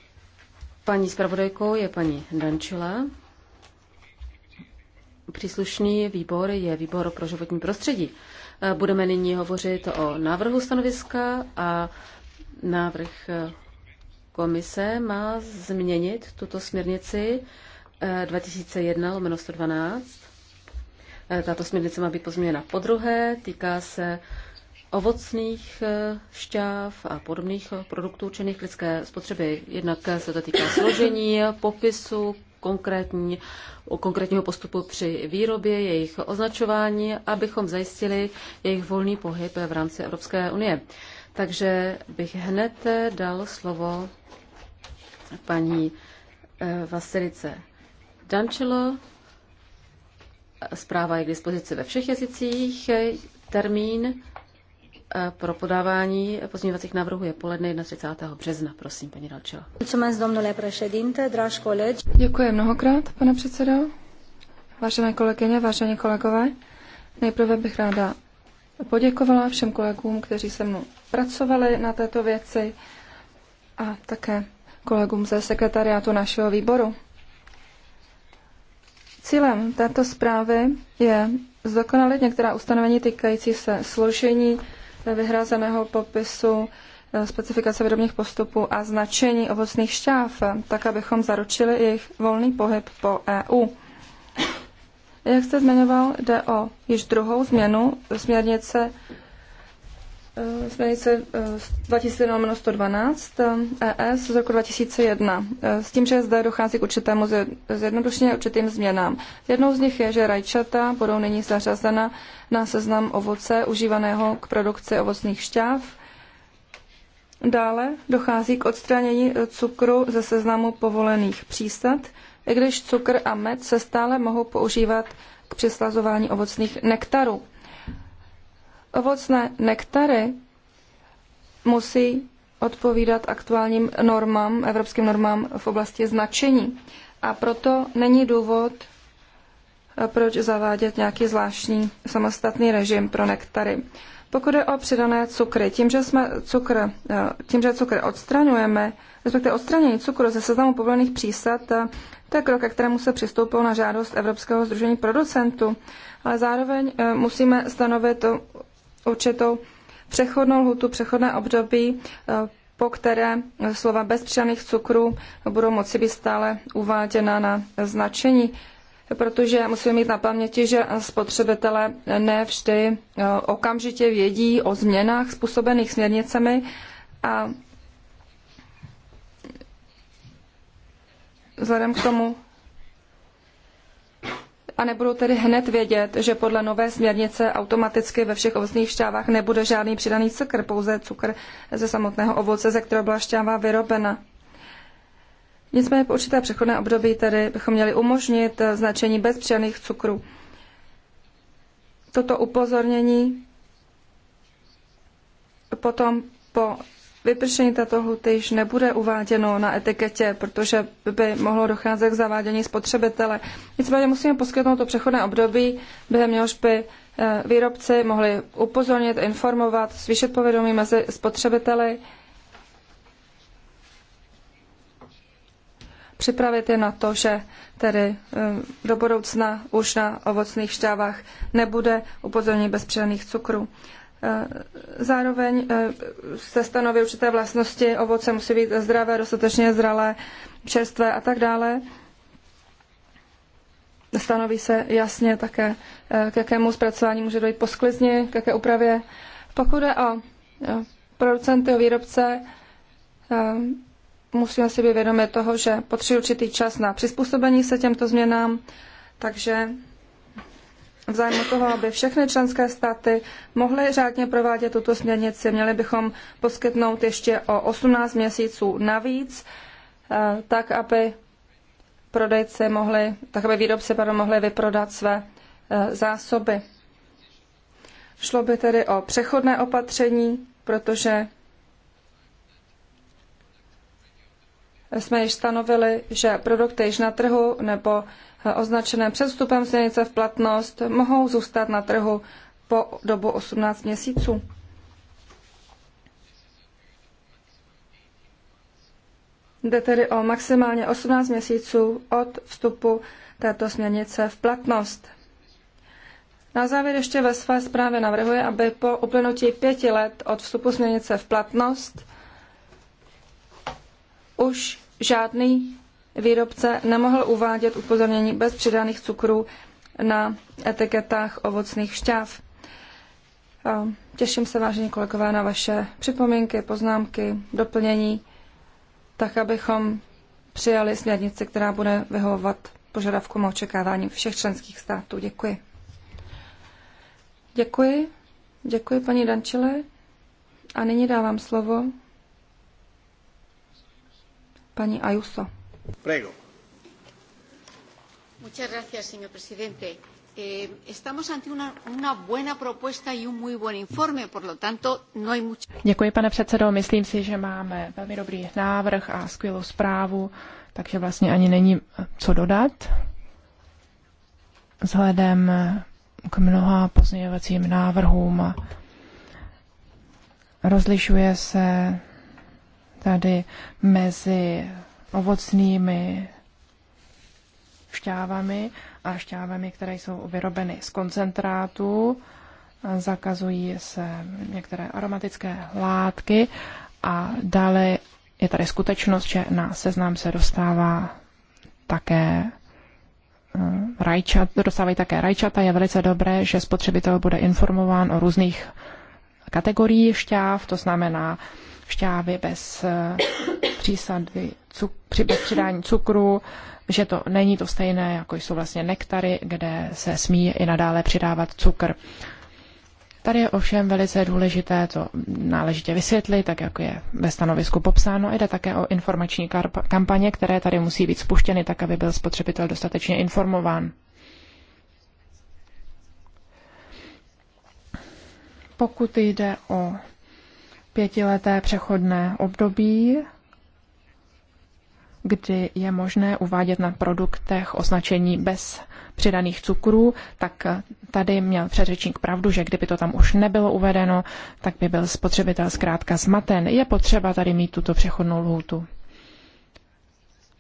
paní zpravodajkou je paní Dančila. Příslušný výbor je výbor pro životní prostředí. Eh, budeme nyní hovořit o návrhu stanoviska a návrh eh, komise má změnit tuto směrnici 2001-112. Eh, tato směrnice má být pozměněna po druhé, týká se ovocných šťáv a podobných produktů činných k lidské spotřeby. Jednak se to týká složení, popisu, konkrétní, konkrétního postupu při výrobě, jejich označování, abychom zajistili jejich volný pohyb v rámci Evropské unie. Takže bych hned dal slovo paní eh, Vasilice Dančelo. Zpráva je k dispozici ve všech jazycích. Termín pro podávání pozměňovacích návrhů je poledne 31. března. Prosím, paní Dalčela. Děkuji mnohokrát, pane předsedo. Vážené kolegyně, vážení kolegové, nejprve bych ráda poděkovala všem kolegům, kteří se mnou pracovali na této věci a také kolegům ze sekretariátu našeho výboru. Cílem této zprávy je zdokonalit některá ustanovení týkající se složení vyhrazeného popisu eh, specifikace výrobních postupů a značení ovocných šťáv, tak abychom zaručili jejich volný pohyb po EU. Jak jste zmiňoval, jde o již druhou změnu směrnice Eh, směrnice 2011 112 ES z roku 2001. Eh, s tím, že zde dochází k určitému zjednodušeně určitým změnám. Jednou z nich je, že rajčata budou nyní zařazena na seznam ovoce užívaného k produkci ovocných šťáv. Dále dochází k odstranění eh, cukru ze seznamu povolených přísad, i když cukr a med se stále mohou používat k přislazování ovocných nektarů. Ovocné nektary musí odpovídat aktuálním normám, evropským normám v oblasti značení. A proto není důvod, eh, proč zavádět nějaký zvláštní samostatný režim pro nektary. Pokud je o přidané cukry, tím, že, jsme cukr, eh, tím, že cukr odstraňujeme, respektive odstranění cukru ze seznamu povolených přísad, eh, to je krok, ke kterému se přistoupilo na žádost Evropského združení producentů. Ale zároveň musíme stanovit určitou přechodnou lhutu, přechodné období, eh, po které slova bez přidaných cukrů budou moci být stále uváděna na značení, protože musíme mít na paměti, že spotřebitelé ne vždy eh, okamžitě vědí o změnách způsobených směrnicemi a vzhledem k tomu nebudou tedy hned vědět, že podle nové směrnice automaticky ve všech ovocných šťávách nebude žádný přidaný cukr, pouze cukr ze samotného ovoce, ze kterého byla šťáva vyrobena. Nicméně po určité přechodné období tedy bychom měli umožnit značení bez přidaných cukrů. Toto upozornění potom po vypršení této lhuty již nebude uváděno na etiketě, protože by mohlo docházet k zavádění spotřebitele. Nicméně musíme poskytnout to přechodné období, během něhož by eh, výrobci mohli upozornit, informovat, zvýšit povědomí mezi spotřebiteli, připravit je na to, že tedy eh, do budoucna už na ovocných šťávách nebude upozornění bez přidaných cukrů. Eh, zároveň eh, se stanoví určité vlastnosti, ovoce musí být zdravé, dostatečně zralé, čerstvé a tak dále. Stanoví se jasně také, eh, k jakému zpracování může dojít po sklizni, k jaké úpravě. Pokud jde o producenty, o výrobce, musíme si být vědomi toho, že potřebují určitý čas na přizpůsobení se těmto změnám, takže v zájmu toho, aby všechny členské státy mohly řádně provádět tuto směrnici, měli bychom poskytnout ještě o 18 měsíců navíc, eh, tak aby prodejci mohli, tak aby výrobci pardon, mohli vyprodat své eh, zásoby. Šlo by tedy o přechodné opatření, protože jsme již stanovili, že produkty již na trhu nebo eh, označené před vstupem směrnice v platnost mohou zůstat na trhu po dobu 18 měsíců. Jde tedy o maximálně 18 měsíců od vstupu této směrnice v platnost. Na závěr ještě ve své zprávě navrhuje, aby po uplynutí pěti let od vstupu směrnice v platnost už žádný výrobce nemohl uvádět upozornění bez přidaných cukrů na etiketách ovocných šťáv. Těším se, vážení kolegové, na vaše připomínky, poznámky, doplnění, tak abychom přijali směrnici, která bude vyhovovat požadavkům a očekáváním všech členských států. Děkuji. Děkuji. Děkuji, paní Dančile. A nyní dávám slovo paní Ayuso. Prego. Muchas gracias, señor presidente. Eh, estamos ante una, una buena propuesta y un muy buen informe, por lo tanto no hay mucho. Děkuji, pane předsedo. Myslím si, že máme velmi dobrý návrh a skvělou zprávu, takže vlastně ani není eh, co dodat. Vzhledem eh, k mnoha pozměňovacím návrhům eh, rozlišuje se tady mezi ovocnými šťávami a šťávami, které jsou vyrobeny z koncentrátu Zakazují se některé aromatické látky a dále je tady skutečnost, že na seznam se dostává také eh, rajčat, dostávají také rajčata. Je velice dobré, že spotřebitel bude informován o různých kategoriích šťáv, to znamená šťávy bez eh, přísady, cuk, při, bez přidání cukru, že to není to stejné, jako jsou vlastně nektary, kde se smí i nadále přidávat cukr. Tady je ovšem velice důležité to náležitě vysvětlit, tak jak je ve stanovisku popsáno. Jde také o informační kampaně, které tady musí být spuštěny, tak aby byl spotřebitel dostatečně informován. Pokud jde o pětileté přechodné období, kdy je možné uvádět na produktech označení bez přidaných cukrů, tak tady měl předřečník pravdu, že kdyby to tam už nebylo uvedeno, tak by byl spotřebitel zkrátka zmaten. Je potřeba tady mít tuto přechodnou lhůtu.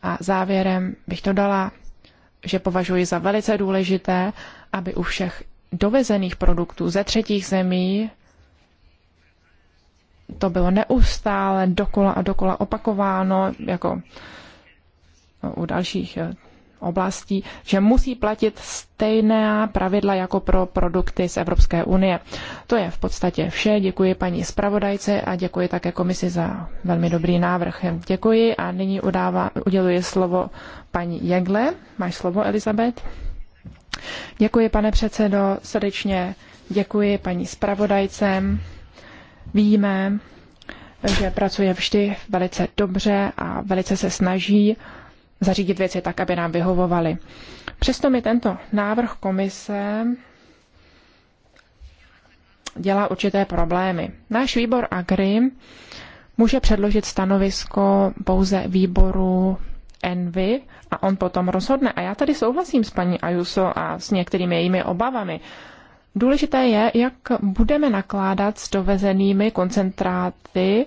A závěrem bych to dala, že považuji za velice důležité, aby u všech dovezených produktů ze třetích zemí to bylo neustále dokola a dokola opakováno, jako no, u dalších eh, oblastí, že musí platit stejné pravidla jako pro produkty z Evropské unie. To je v podstatě vše. Děkuji paní zpravodajce a děkuji také komisi za velmi dobrý návrh. Děkuji a nyní udává, uděluji slovo paní Jegle. Máš slovo, Elizabet? Děkuji, pane předsedo, srdečně děkuji paní zpravodajcem Víme, že pracuje vždy velice dobře a velice se snaží zařídit věci tak, aby nám vyhovovaly. Přesto mi tento návrh komise dělá určité problémy. Náš výbor Agri může předložit stanovisko pouze výboru Envy a on potom rozhodne. A já tady souhlasím s paní Ajuso a s některými jejími obavami. Důležité je, jak budeme nakládat s dovezenými koncentráty,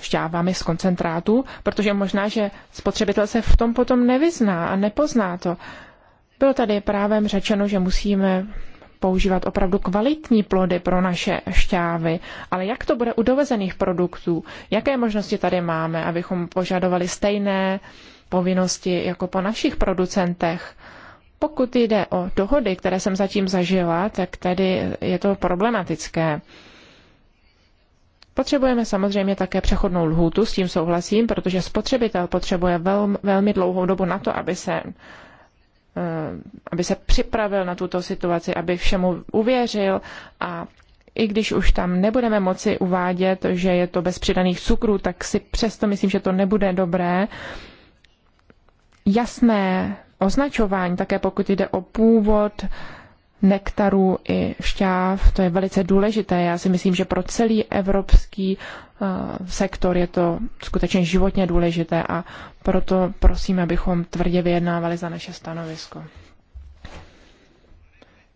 šťávami eh, z koncentrátu, protože možná, že spotřebitel se v tom potom nevyzná a nepozná to. Bylo tady právem řečeno, že musíme používat opravdu kvalitní plody pro naše šťávy, ale jak to bude u dovezených produktů? Jaké možnosti tady máme, abychom požadovali stejné povinnosti jako po našich producentech? Pokud jde o dohody, které jsem zatím zažila, tak tady je to problematické. Potřebujeme samozřejmě také přechodnou lhůtu, s tím souhlasím, protože spotřebitel potřebuje velmi, velmi dlouhou dobu na to, aby se eh, aby se připravil na tuto situaci, aby všemu uvěřil a i když už tam nebudeme moci uvádět, že je to bez přidaných cukrů, tak si přesto myslím, že to nebude dobré. Jasné označování, také pokud jde o původ nektaru i šťáv, to je velice důležité. Já si myslím, že pro celý evropský eh, sektor je to skutečně životně důležité a proto prosím, abychom tvrdě vyjednávali za naše stanovisko.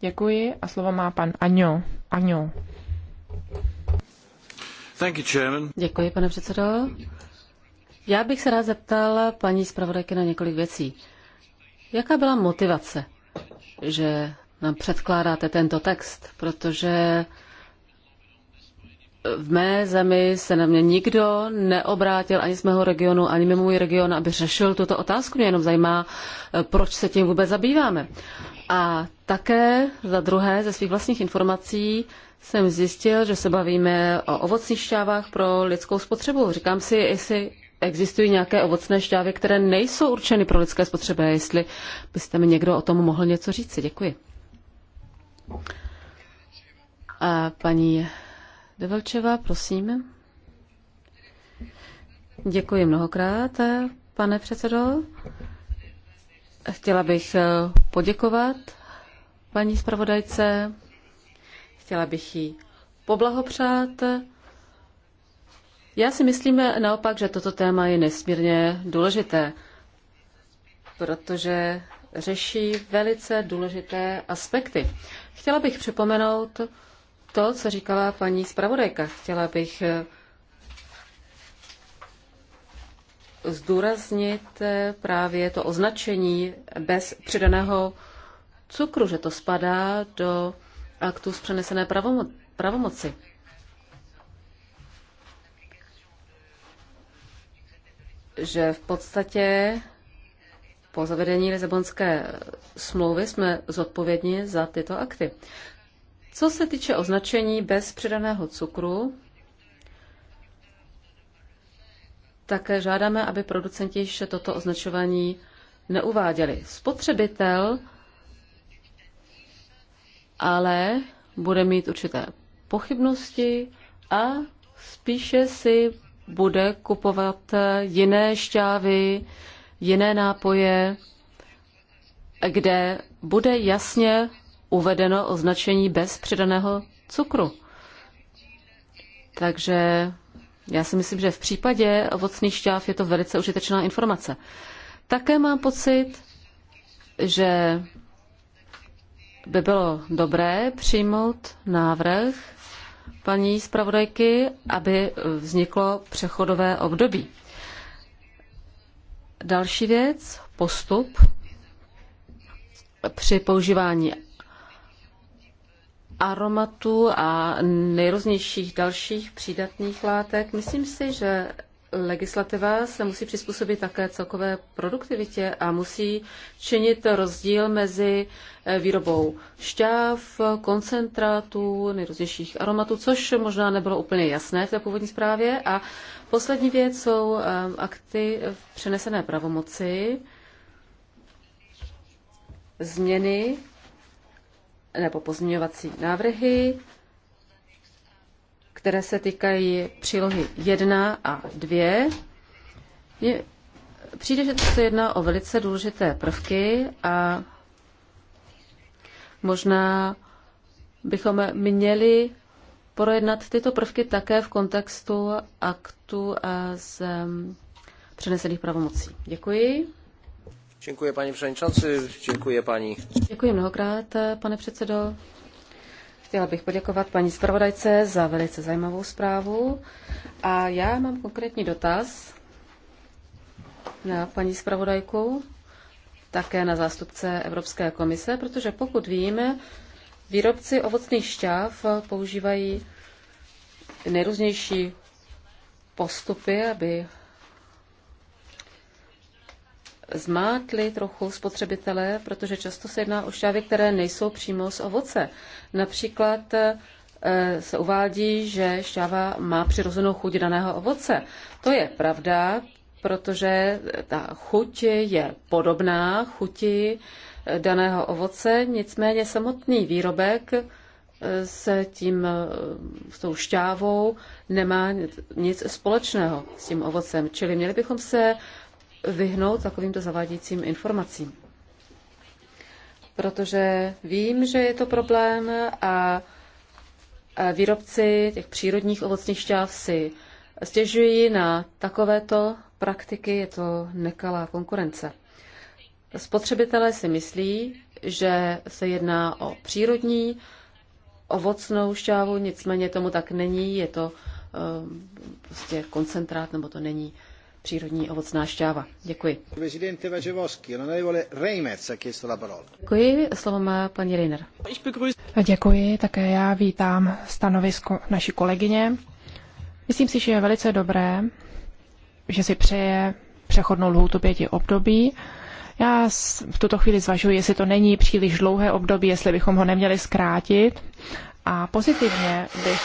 Děkuji a slovo má pan Aňo. Aňo. Thank you, chairman. Děkuji, pane předsedo. Já bych se rád zeptal paní zpravodajky na několik věcí. Jaká byla motivace, že nám předkládáte tento text? Protože v mé zemi se na mě nikdo neobrátil ani z mého regionu, ani mimo můj region, aby řešil tuto otázku. Mě jenom zajímá, eh, proč se tím vůbec zabýváme. A také za druhé ze svých vlastních informací jsem zjistil, že se bavíme o ovocných šťávách pro lidskou spotřebu. Říkám si, jestli existují nějaké ovocné šťávy, které nejsou určeny pro lidské spotřeby. Jestli byste mi někdo o tom mohl něco říct, Děkuji. A paní Develčeva, prosím. Děkuji mnohokrát, pane předsedo. Chtěla bych poděkovat paní zpravodajce. Chtěla bych jí poblahopřát já si myslím naopak, že toto téma je nesmírně důležité, protože řeší velice důležité aspekty. Chtěla bych připomenout to, co říkala paní zpravodajka. Chtěla bych eh, zdůraznit eh, právě to označení bez přidaného cukru, že to spadá do aktu z přenesené pravomo- pravomoci. že v podstatě po zavedení Lisabonské smlouvy jsme zodpovědní za tyto akty. Co se týče označení bez přidaného cukru, také žádáme, aby producenti ještě toto označování neuváděli. Spotřebitel ale bude mít určité pochybnosti a spíše si bude kupovat jiné šťávy, jiné nápoje, kde bude jasně uvedeno označení bez přidaného cukru. Takže já si myslím, že v případě ovocných šťáv je to velice užitečná informace. Také mám pocit, že by bylo dobré přijmout návrh paní zpravodajky, aby vzniklo přechodové období. Další věc, postup při používání aromatů a nejrůznějších dalších přídatných látek. Myslím si, že legislativa se musí přizpůsobit také celkové produktivitě a musí činit rozdíl mezi eh, výrobou šťáv, koncentrátů, nejrůznějších aromatů, což možná nebylo úplně jasné v té původní zprávě. A poslední věc jsou eh, akty v přenesené pravomoci, změny nebo pozměňovací návrhy, které se týkají přílohy 1 a 2. Je, přijde, že se jedná o velice důležité prvky a možná bychom měli projednat tyto prvky také v kontextu aktu z přenesených pravomocí. Děkuji. Děkuji, paní předsedající. Děkuji, paní. Děkuji mnohokrát, pane předsedo. Chtěla bych poděkovat paní zpravodajce za velice zajímavou zprávu. A já mám konkrétní dotaz na paní zpravodajku, také na zástupce Evropské komise, protože pokud víme, výrobci ovocných šťáv používají nejrůznější postupy, aby zmátli trochu spotřebitele, protože často se jedná o šťávy, které nejsou přímo z ovoce. Například eh, se uvádí, že šťáva má přirozenou chuť daného ovoce. To je pravda, protože ta chuť je podobná chuti eh, daného ovoce, nicméně samotný výrobek eh, se tím, s tou šťávou nemá nic společného s tím ovocem. Čili měli bychom se vyhnout takovýmto zavádějícím informacím. Protože vím, že je to problém a výrobci těch přírodních ovocných šťáv si stěžují na takovéto praktiky, je to nekalá konkurence. Spotřebitelé si myslí, že se jedná o přírodní ovocnou šťávu, nicméně tomu tak není, je to um, prostě koncentrát, nebo to není přírodní ovocná šťáva. Děkuji. Děkuji, slovo má paní Reiner. Děkuji, také já vítám stanovisko naší kolegyně. Myslím si, že je velice dobré, že si přeje přechodnou lhůtu pěti období. Já v tuto chvíli zvažuji, jestli to není příliš dlouhé období, jestli bychom ho neměli zkrátit. A pozitivně bych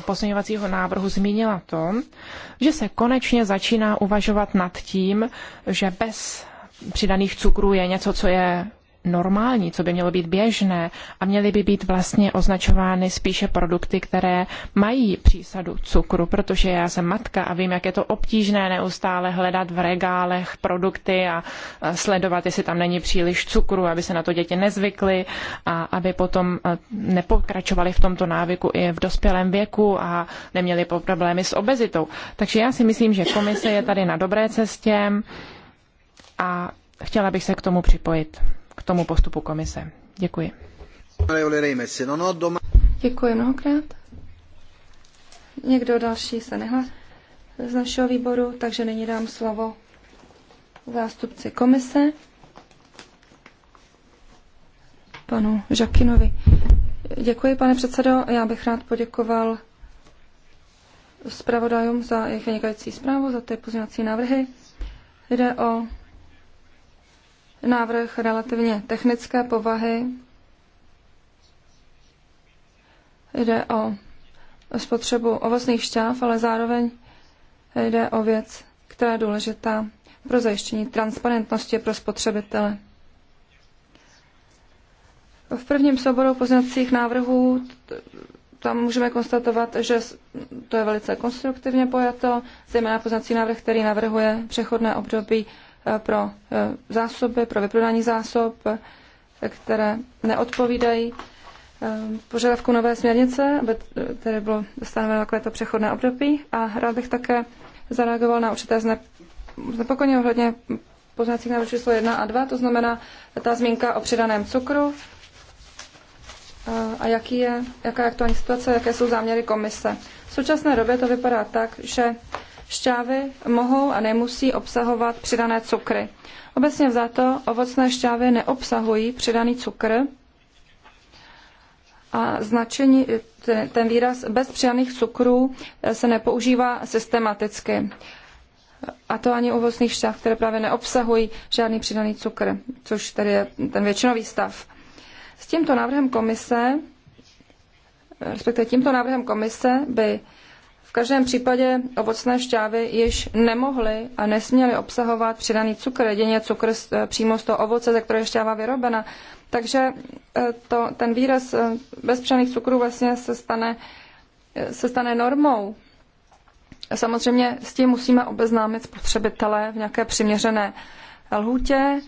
pozměňovacího návrhu zmínila to, že se konečně začíná uvažovat nad tím, že bez přidaných cukrů je něco, co je normální, co by mělo být běžné a měly by být vlastně označovány spíše produkty, které mají přísadu cukru, protože já jsem matka a vím, jak je to obtížné neustále hledat v regálech produkty a sledovat, jestli tam není příliš cukru, aby se na to děti nezvykly a aby potom nepokračovali v tomto návyku i v dospělém věku a neměli problémy s obezitou. Takže já si myslím, že komise je tady na dobré cestě a chtěla bych se k tomu připojit k tomu postupu komise. Děkuji. Děkuji mnohokrát. Někdo další se nehlásí z našeho výboru, takže nyní dám slovo zástupci komise, panu Žakinovi. Děkuji, pane předsedo. Já bych rád poděkoval zpravodajům za jejich vynikající zprávu, za ty pozměňovací návrhy. Jde o návrh relativně technické povahy. Jde o spotřebu ovocných šťáv, ale zároveň jde o věc, která je důležitá pro zajištění transparentnosti pro spotřebitele. V prvním souboru poznacích návrhů tam můžeme konstatovat, že to je velice konstruktivně pojato, zejména poznací návrh, který navrhuje přechodné období Eh, pro eh, zásoby, pro vyprodání zásob, eh, které neodpovídají požadavku nové směrnice, aby tedy bylo stanoveno takovéto přechodné období. A rád bych také zareagoval na určité znepokojení ohledně poznacích návrhů číslo 1 a 2, to znamená ta zmínka o přidaném cukru a jaký je, jaká je aktuální situace, jaké jsou záměry komise. V současné době to vypadá tak, že Šťávy mohou a nemusí obsahovat přidané cukry. Obecně to ovocné šťávy neobsahují přidaný cukr a značení, ten, ten výraz bez přidaných cukrů eh, se nepoužívá systematicky. A to ani ovocných šťáv, které právě neobsahují žádný přidaný cukr, což tedy je ten většinový stav. S tímto návrhem komise, eh, respektive tímto návrhem komise by v každém případě ovocné šťávy již nemohly a nesměly obsahovat přidaný cukr, jedině cukr eh, přímo z toho ovoce, ze kterého je šťáva vyrobena. Takže eh, to, ten výraz eh, bez přidaných cukrů vlastně se stane, se stane normou. Samozřejmě s tím musíme obeznámit spotřebitele v nějaké přiměřené lhůtě.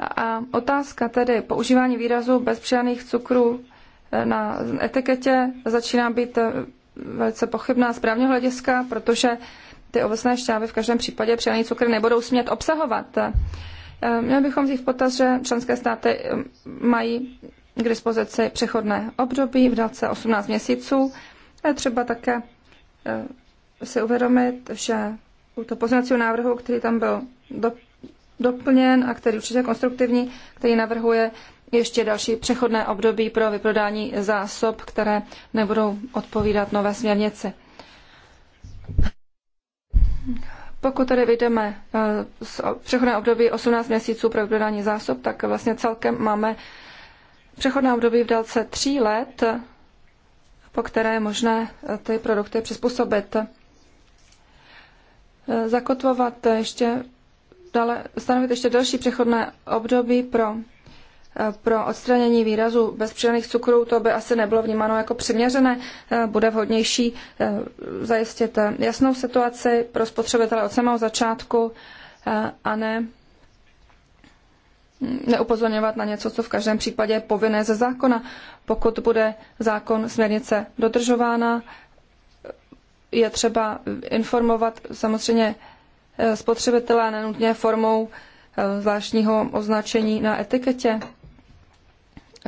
A otázka tedy používání výrazu bez přidaných cukrů na etiketě začíná být velice pochybná z právního hlediska, protože ty ovocné šťávy v každém případě přidaný cukr nebudou smět obsahovat. Eh, měli bychom vzít v potaz, že členské státy eh, mají k dispozici přechodné období v délce 18 měsíců. Je třeba také eh, si uvědomit, že u toho poznacího návrhu, který tam byl doplněn a který určitě je konstruktivní, který navrhuje ještě další přechodné období pro vyprodání zásob, které nebudou odpovídat nové směrnici. Pokud tedy vyjdeme eh, z přechodné období 18 měsíců pro vyprodání zásob, tak vlastně celkem máme přechodné období v délce 3 let, po které je možné eh, ty produkty přizpůsobit. Eh, zakotvovat ještě dále, stanovit ještě další přechodné období pro pro odstranění výrazu bez přidaných cukrů, to by asi nebylo vnímáno jako přiměřené. Eh, bude vhodnější eh, zajistit eh, jasnou situaci pro spotřebitele od samého začátku a ne mm, neupozorňovat na něco, co v každém případě je povinné ze zákona. Pokud bude zákon směrnice dodržována, je třeba informovat samozřejmě spotřebitele nenutně formou zvláštního označení na etiketě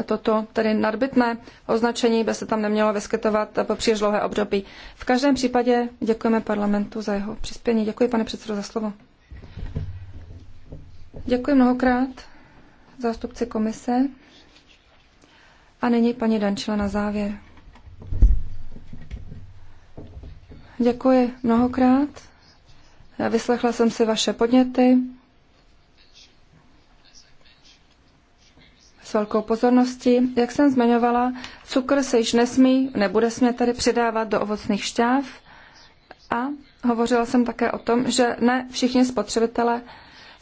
toto tedy nadbytné označení by se tam nemělo vyskytovat po příliš dlouhé období. V každém případě děkujeme parlamentu za jeho přispění. Děkuji, pane předsedo, za slovo. Děkuji mnohokrát zástupci komise. A nyní paní Dančila na závěr. Děkuji mnohokrát. Vyslechla jsem si vaše podněty. s velkou pozorností. Jak jsem zmiňovala, cukr se již nesmí, nebude smět tady přidávat do ovocných šťáv a hovořila jsem také o tom, že ne všichni spotřebitelé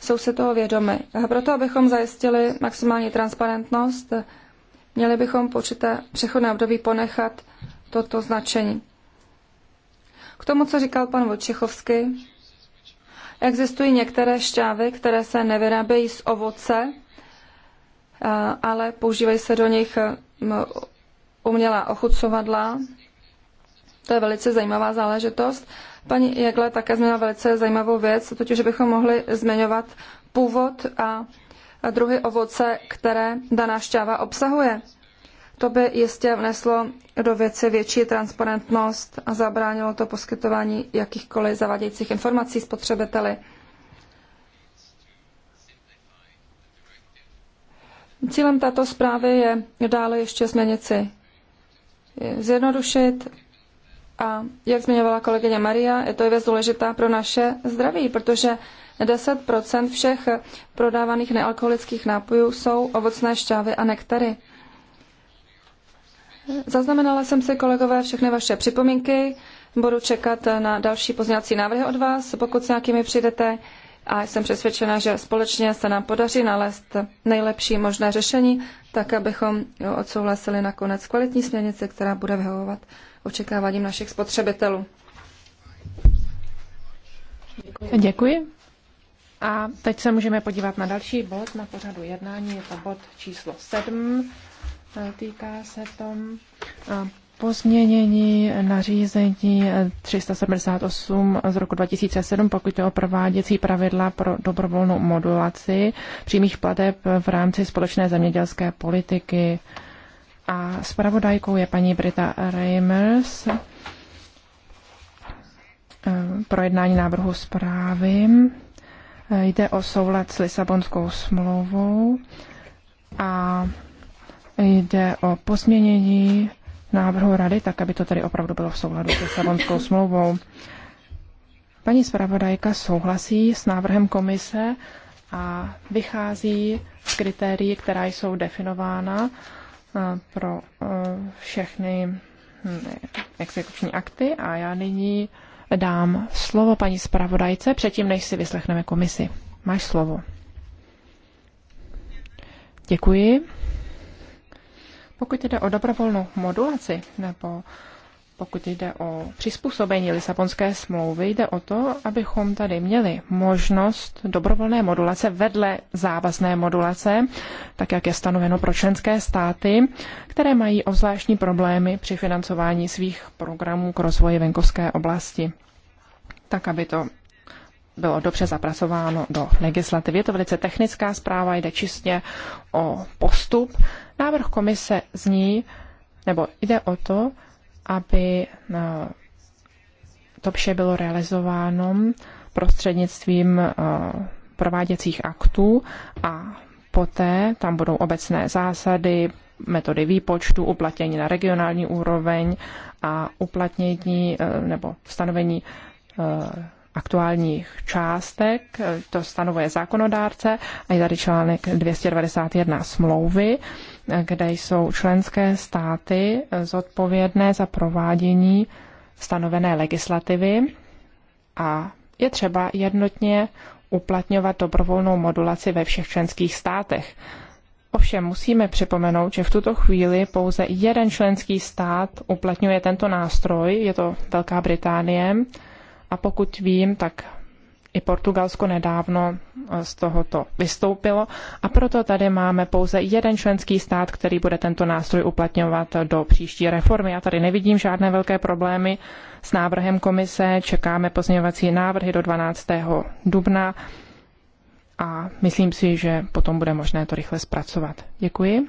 jsou si toho vědomi. A proto, abychom zajistili maximální transparentnost, měli bychom po určité přechodné období ponechat toto značení. K tomu, co říkal pan Vočichovský, existují některé šťávy, které se nevyrábějí z ovoce, ale používají se do nich eh, umělá ochucovadla. To je velice zajímavá záležitost. Paní Jegle také změnila velice zajímavou věc, totiž bychom mohli zmiňovat původ a druhy ovoce, které daná šťáva obsahuje. To by jistě vneslo do věci větší transparentnost a zabránilo to poskytování jakýchkoliv zavadějících informací spotřebiteli. Cílem této zprávy je dále ještě změnit si eh, zjednodušit a jak zmiňovala kolegyně Maria, je to věc důležitá pro naše zdraví, protože 10% všech prodávaných nealkoholických nápojů jsou ovocné šťávy a nektary. Zaznamenala jsem si, kolegové, všechny vaše připomínky. Budu čekat na další pozněvací návrhy od vás, pokud s nějakými přijdete a jsem přesvědčena, že společně se nám podaří nalézt nejlepší možné řešení, tak abychom odsouhlasili nakonec kvalitní směrnici, která bude vyhovovat očekáváním našich spotřebitelů. Děkuji. Děkuji. A teď se můžeme podívat na další bod na pořadu jednání. Je to bod číslo 7. Týká se tom pozměnění nařízení 378 z roku 2007, pokud to o prováděcí pravidla pro dobrovolnou modulaci přímých plateb v rámci společné zemědělské politiky. A zpravodajkou je paní Brita Reimers eh, projednání návrhu zprávy. Eh, jde o soulad s Lisabonskou smlouvou a jde o pozměnění návrhu rady, tak aby to tedy opravdu bylo v souladu s Lisabonskou smlouvou. Paní zpravodajka souhlasí s návrhem komise a vychází z kritérií, která jsou definována eh, pro eh, všechny hm, exekuční akty a já nyní dám slovo paní zpravodajce předtím, než si vyslechneme komisi. Máš slovo. Děkuji. Pokud jde o dobrovolnou modulaci nebo pokud jde o přizpůsobení Lisabonské smlouvy, jde o to, abychom tady měli možnost dobrovolné modulace vedle závazné modulace, tak jak je stanoveno pro členské státy, které mají obzvláštní problémy při financování svých programů k rozvoji venkovské oblasti. Tak, aby to bylo dobře zapracováno do legislativy. Je to velice technická zpráva, jde čistě o postup Návrh komise zní, nebo jde o to, aby eh, to vše bylo realizováno prostřednictvím eh, prováděcích aktů a poté tam budou obecné zásady, metody výpočtu, uplatnění na regionální úroveň a uplatnění eh, nebo stanovení aktuálních částek, to stanovuje zákonodárce a je tady článek 291 smlouvy kde jsou členské státy zodpovědné za provádění stanovené legislativy a je třeba jednotně uplatňovat dobrovolnou modulaci ve všech členských státech. Ovšem musíme připomenout, že v tuto chvíli pouze jeden členský stát uplatňuje tento nástroj, je to Velká Británie, a pokud vím, tak i Portugalsko nedávno eh, z tohoto vystoupilo a proto tady máme pouze jeden členský stát, který bude tento nástroj uplatňovat do příští reformy. Já tady nevidím žádné velké problémy s návrhem komise, čekáme pozměňovací návrhy do 12. dubna a myslím si, že potom bude možné to rychle zpracovat. Děkuji.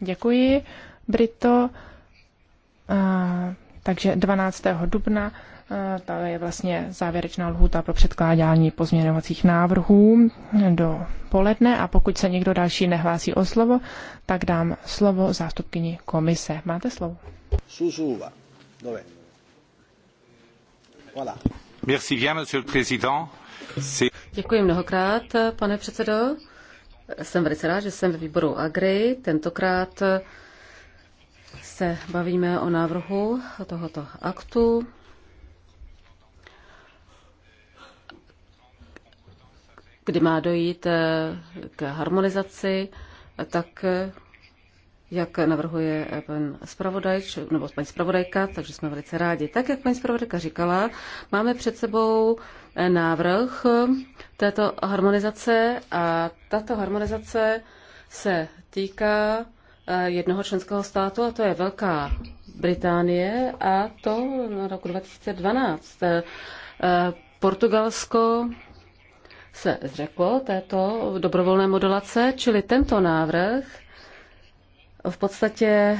Děkuji, Brito. A, takže 12. dubna Eh, to je vlastně závěrečná lhůta pro předkládání pozměňovacích návrhů do poledne a pokud se někdo další nehlásí o slovo, tak dám slovo zástupkyni komise. Máte slovo. Děkuji mnohokrát, pane předsedo. Jsem velice rád, že jsem ve výboru Agri. Tentokrát se bavíme o návrhu tohoto aktu kdy má dojít eh, k harmonizaci, tak eh, jak navrhuje eh, pan zpravodaj, nebo paní zpravodajka, takže jsme velice rádi. Tak, jak paní zpravodajka říkala, máme před sebou návrh této harmonizace a tato harmonizace se týká jednoho členského státu, a to je Velká Británie, a to na roku 2012. Portugalsko se zřeklo této dobrovolné modulace, čili tento návrh v podstatě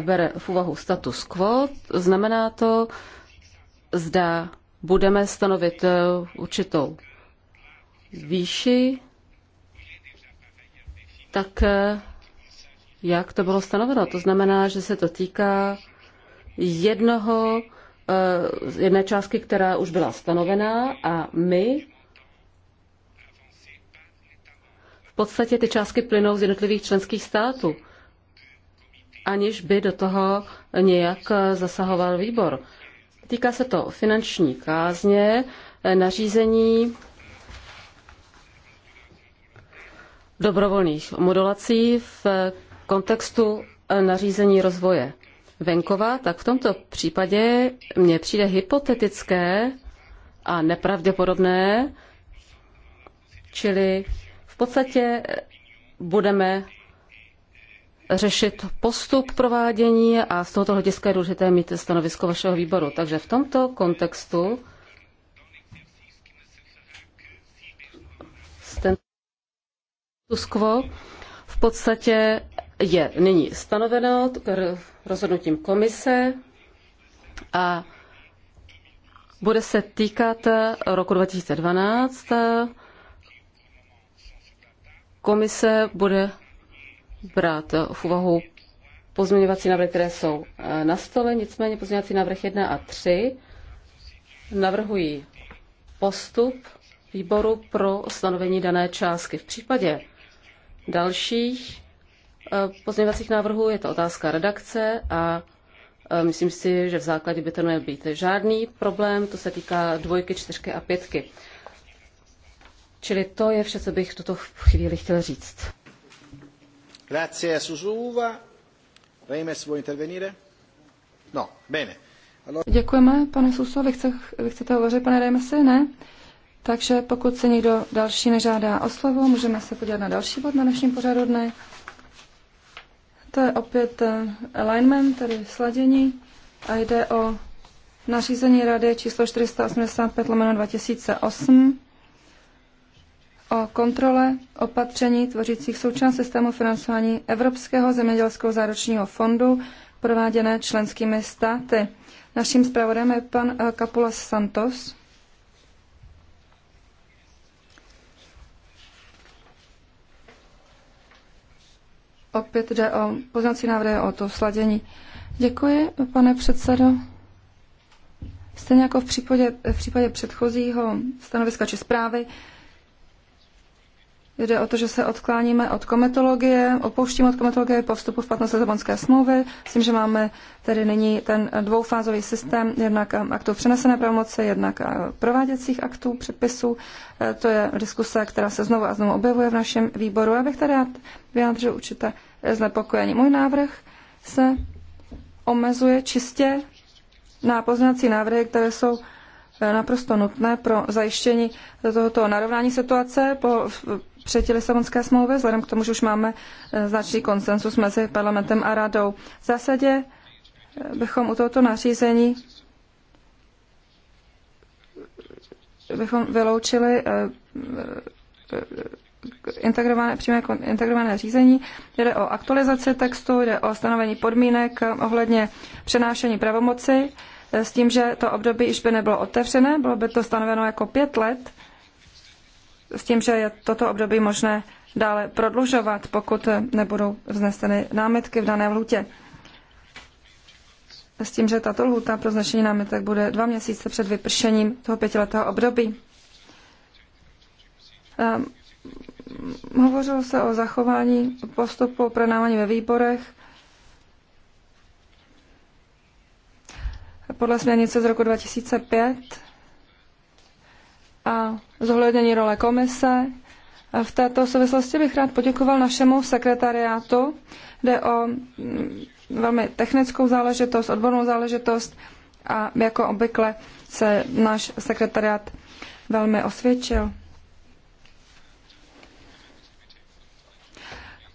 bere v úvahu status quo. Znamená to, zda budeme stanovit eh, určitou výši, tak eh, jak to bylo stanoveno. To znamená, že se to týká jednoho, eh, jedné částky, která už byla stanovená a my podstatě ty částky plynou z jednotlivých členských států, aniž by do toho nějak zasahoval výbor. Týká se to finanční kázně, nařízení dobrovolných modulací v kontextu nařízení rozvoje venkova, tak v tomto případě mně přijde hypotetické a nepravděpodobné, čili v podstatě budeme řešit postup provádění a z tohoto hlediska je důležité mít stanovisko vašeho výboru. Takže v tomto kontextu status quo v podstatě je nyní stanoveno rozhodnutím komise a bude se týkat roku 2012 Komise bude brát v úvahu pozměňovací návrhy, které jsou eh, na stole, nicméně pozměňovací návrh 1 a 3 navrhují postup výboru pro stanovení dané částky. V případě dalších eh, pozměňovacích návrhů je to otázka redakce a eh, myslím si, že v základě by to neměl být žádný problém, to se týká dvojky, čtyřky a pětky. Čili to je vše, co bych v tuto chvíli chtěl říct. Grazie Reimes, vuoi intervenire? No, bene. Děkujeme, pane Suso. Vy, chce, vy chcete hovořit, pane Reimesi? Ne? Takže pokud se někdo další nežádá o slovo, můžeme se podívat na další bod na dnešním pořadu dne. To je opět eh, alignment, tedy sladění, a jde o nařízení Rady číslo 485 2008 o kontrole opatření tvořících součást systému financování Evropského zemědělského záročního fondu prováděné členskými státy. Naším zpravodem je pan eh, Kapulas Santos. Opět jde o poznací návrhy o to sladění. Děkuji, pane předsedo. Stejně jako v případě, v případě předchozího stanoviska či zprávy, Jde o to, že se odkláníme od kometologie, opouštíme od kometologie po vstupu v platnost Lisabonské smlouvy, s tím, že máme tedy nyní ten dvoufázový systém jednak eh, aktů přenesené pravomoci, jednak eh, prováděcích aktů, předpisů. Eh, to je diskuse, která se znovu a znovu objevuje v našem výboru. Já bych tady vyjádřil určité znepokojení. Můj návrh se omezuje čistě na poznací návrhy, které jsou naprosto nutné pro zajištění tohoto narovnání situace po přijetí Lisabonské smlouvy, vzhledem k tomu, že už máme eh, značný konsensus mezi parlamentem a radou. V zásadě eh, bychom u tohoto nařízení eh, bychom vyloučili integrované, přímé integrované řízení. Jde o aktualizaci textu, jde o stanovení podmínek ohledně přenášení pravomoci s tím, že to období již by nebylo otevřené, bylo by to stanoveno jako pět let s tím, že je toto období možné dále prodlužovat, pokud nebudou vzneseny námitky v dané lhutě. S tím, že tato lhuta pro značení námitek bude dva měsíce před vypršením toho pětiletého období. Um, hovořilo se o zachování postupu projednávání ve výborech. Podle směrnice z roku 2005 a zohlednění role komise. V této souvislosti bych rád poděkoval našemu sekretariátu. Jde o mm, velmi technickou záležitost, odbornou záležitost a jako obvykle se náš sekretariát velmi osvědčil.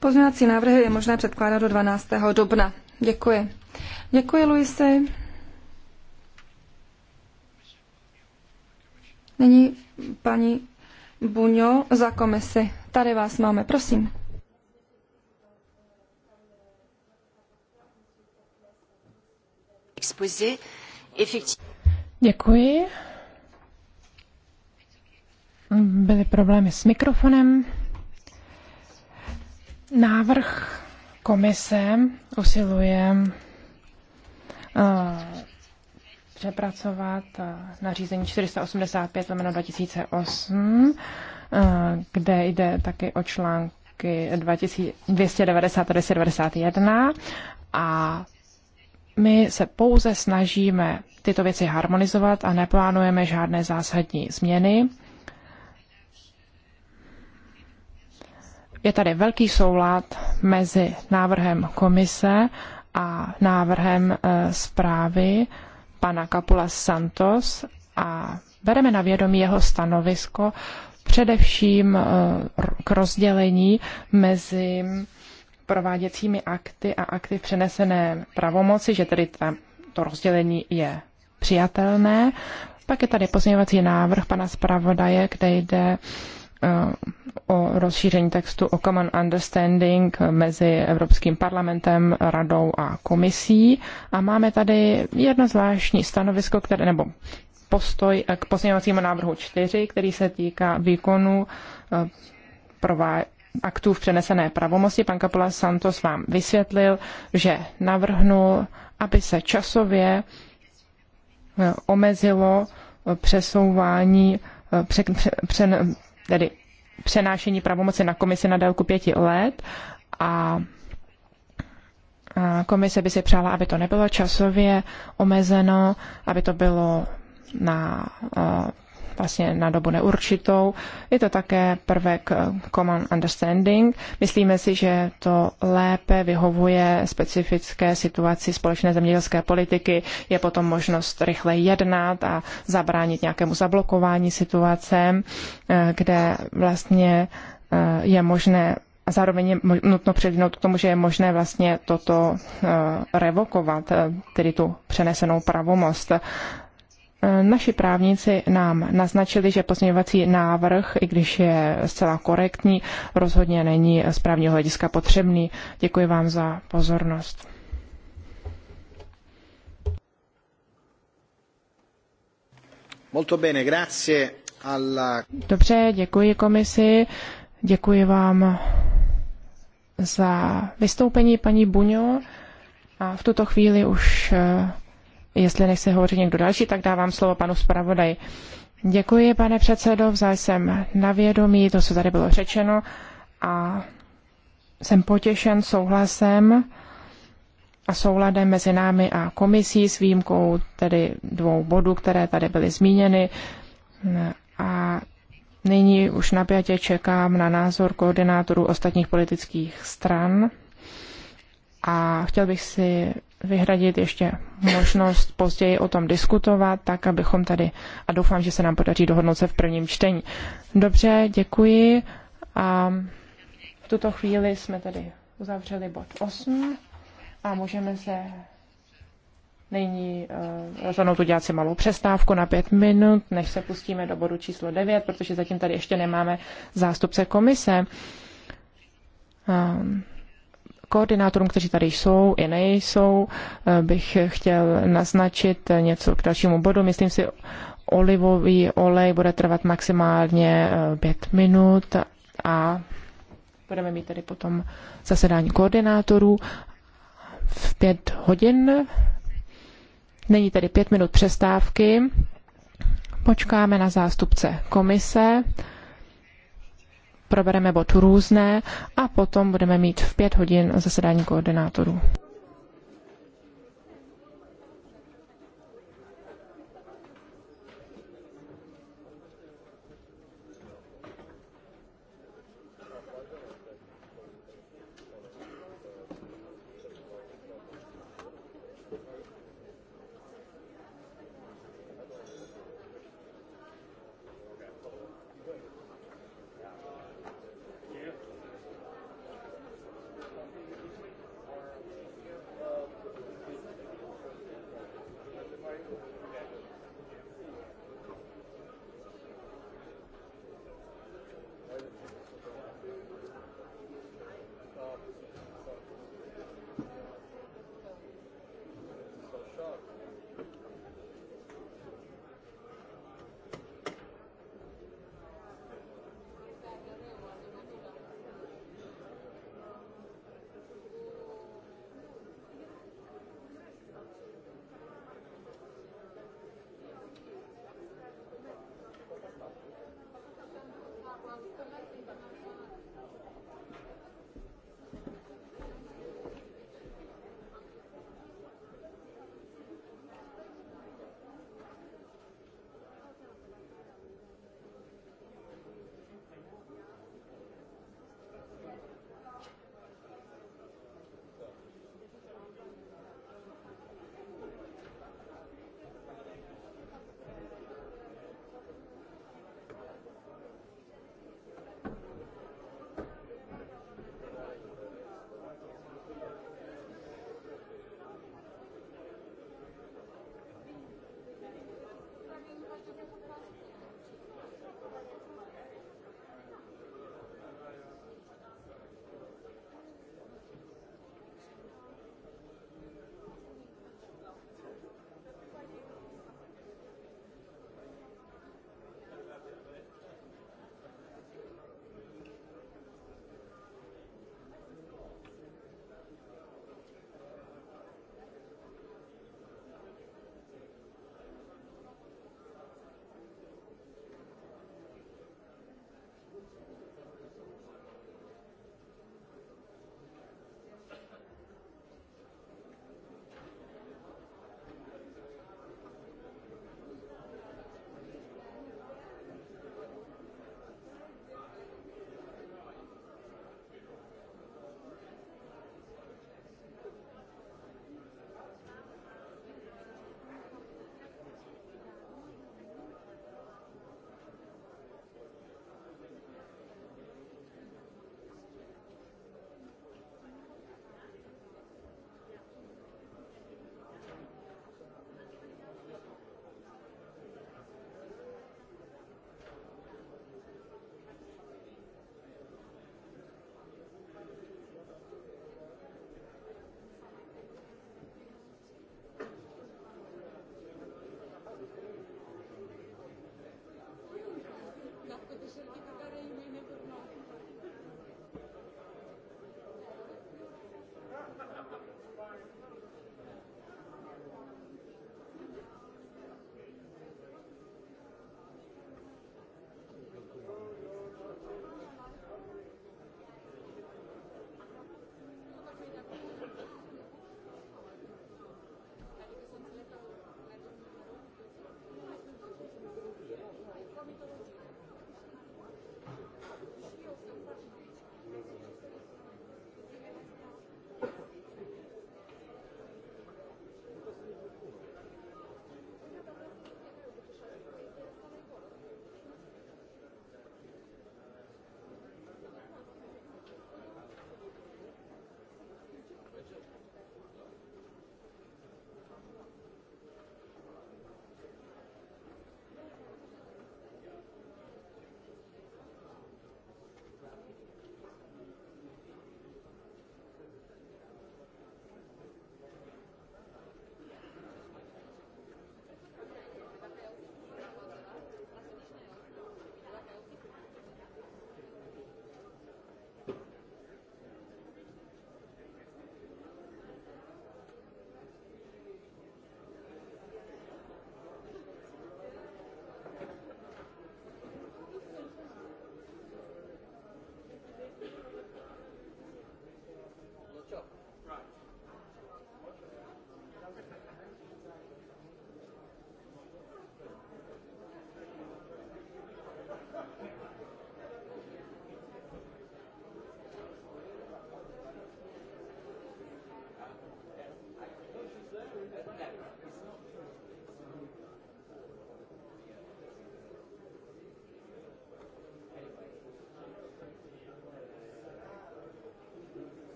Pozměňovací návrhy je možné předkládat do 12. dubna. Děkuji. Děkuji, Luisi. Nyní paní Buňo za komisi. Tady vás máme, prosím. Děkuji. Byly problémy s mikrofonem. Návrh komise usiluje eh, přepracovat eh, nařízení 485 2008, eh, kde jde taky o články 290 a 291 a my se pouze snažíme tyto věci harmonizovat a neplánujeme žádné zásadní změny. Je tady velký soulad mezi návrhem komise a návrhem eh, zprávy pana Kapula Santos a bereme na vědomí jeho stanovisko především eh, k rozdělení mezi prováděcími akty a akty přenesené pravomoci, že tedy ta, to rozdělení je přijatelné. Pak je tady pozměňovací návrh pana zpravodaje, kde jde o rozšíření textu o common understanding mezi Evropským parlamentem, radou a komisí. A máme tady jedno zvláštní stanovisko, které, nebo postoj k pozměňovacímu návrhu 4, který se týká výkonu eh, prová- aktů v přenesené pravomoci. Pan Kapola Santos vám vysvětlil, že navrhnul, aby se časově eh, omezilo eh, přesouvání tedy přenášení pravomoci na komisi na délku pěti let a komise by si přála, aby to nebylo časově omezeno, aby to bylo na vlastně na dobu neurčitou. Je to také prvek eh, common understanding. Myslíme si, že to lépe vyhovuje specifické situaci společné zemědělské politiky. Je potom možnost rychle jednat a zabránit nějakému zablokování situace, eh, kde vlastně eh, je možné a zároveň je nutno předvinout k tomu, že je možné vlastně toto revokovat, tedy tu přenesenou pravomost. Eh, naši právníci nám naznačili, že pozměňovací návrh, i když je zcela korektní, rozhodně není z právního hlediska potřebný. Děkuji vám za pozornost. Molto bene, grazie alla... Dobře, děkuji komisi, děkuji vám za vystoupení paní Buňo a v tuto chvíli už eh, Jestli nechce hovořit někdo další, tak dávám slovo panu zpravodaji. Děkuji, pane předsedo, vzal jsem na vědomí to, co tady bylo řečeno a jsem potěšen souhlasem a souladem mezi námi a komisí s výjimkou tedy dvou bodů, které tady byly zmíněny. A nyní už napjatě čekám na názor koordinátorů ostatních politických stran. A chtěl bych si vyhradit ještě možnost později o tom diskutovat, tak abychom tady, a doufám, že se nám podaří dohodnout se v prvním čtení. Dobře, děkuji. A v tuto chvíli jsme tady uzavřeli bod 8 a můžeme se nyní eh, rozhodnout udělat si malou přestávku na pět minut, než se pustíme do bodu číslo 9, protože zatím tady ještě nemáme zástupce komise. Um, koordinátorům, kteří tady jsou i nejsou, eh, bych chtěl naznačit něco k dalšímu bodu. Myslím si, olivový olej bude trvat maximálně eh, pět minut a budeme mít tady potom zasedání koordinátorů v pět hodin. Není tady pět minut přestávky. Počkáme na zástupce komise probereme bod různé a potom budeme mít v pět hodin zasedání koordinátorů.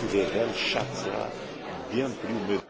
considérèrent chaque fois bien plus mesurée.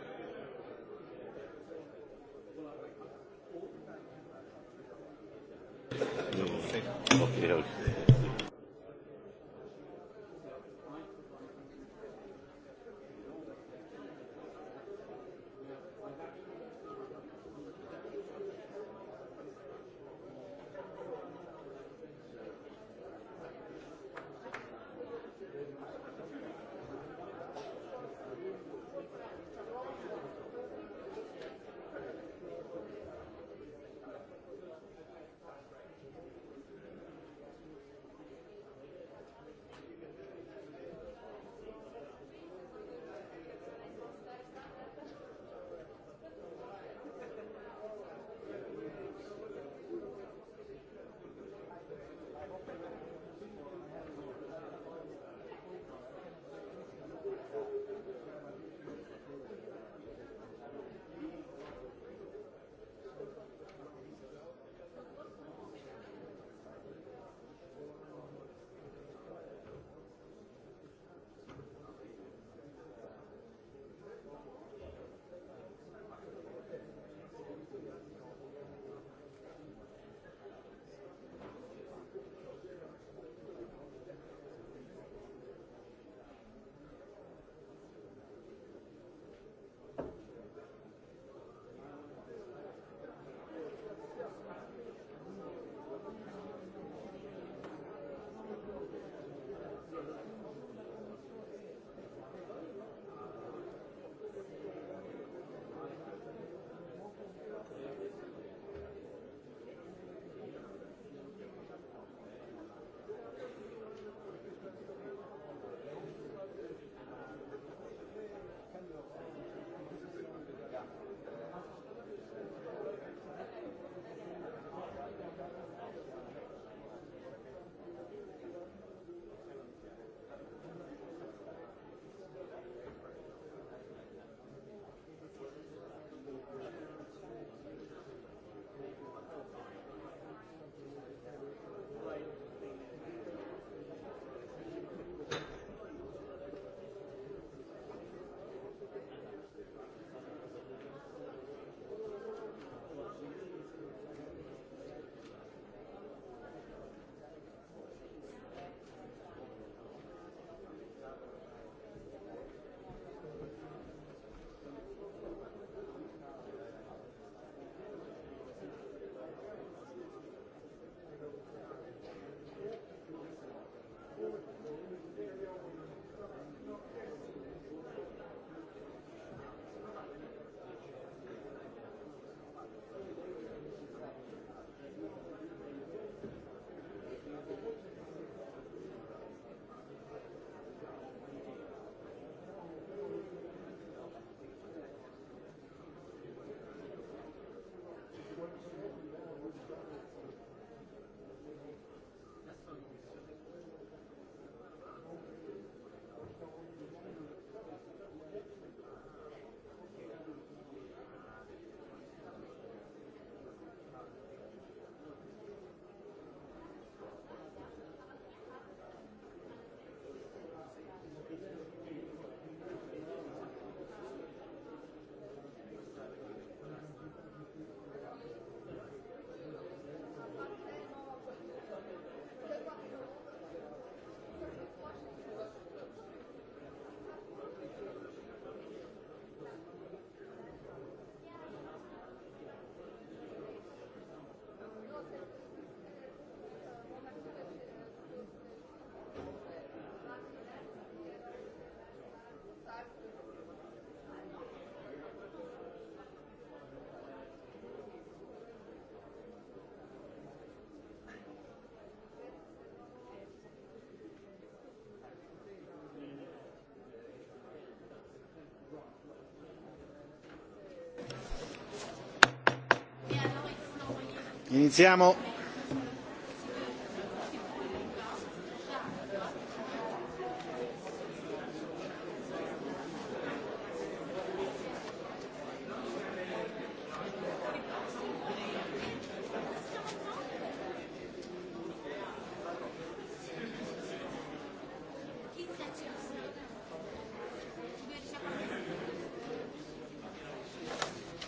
Iniziamo.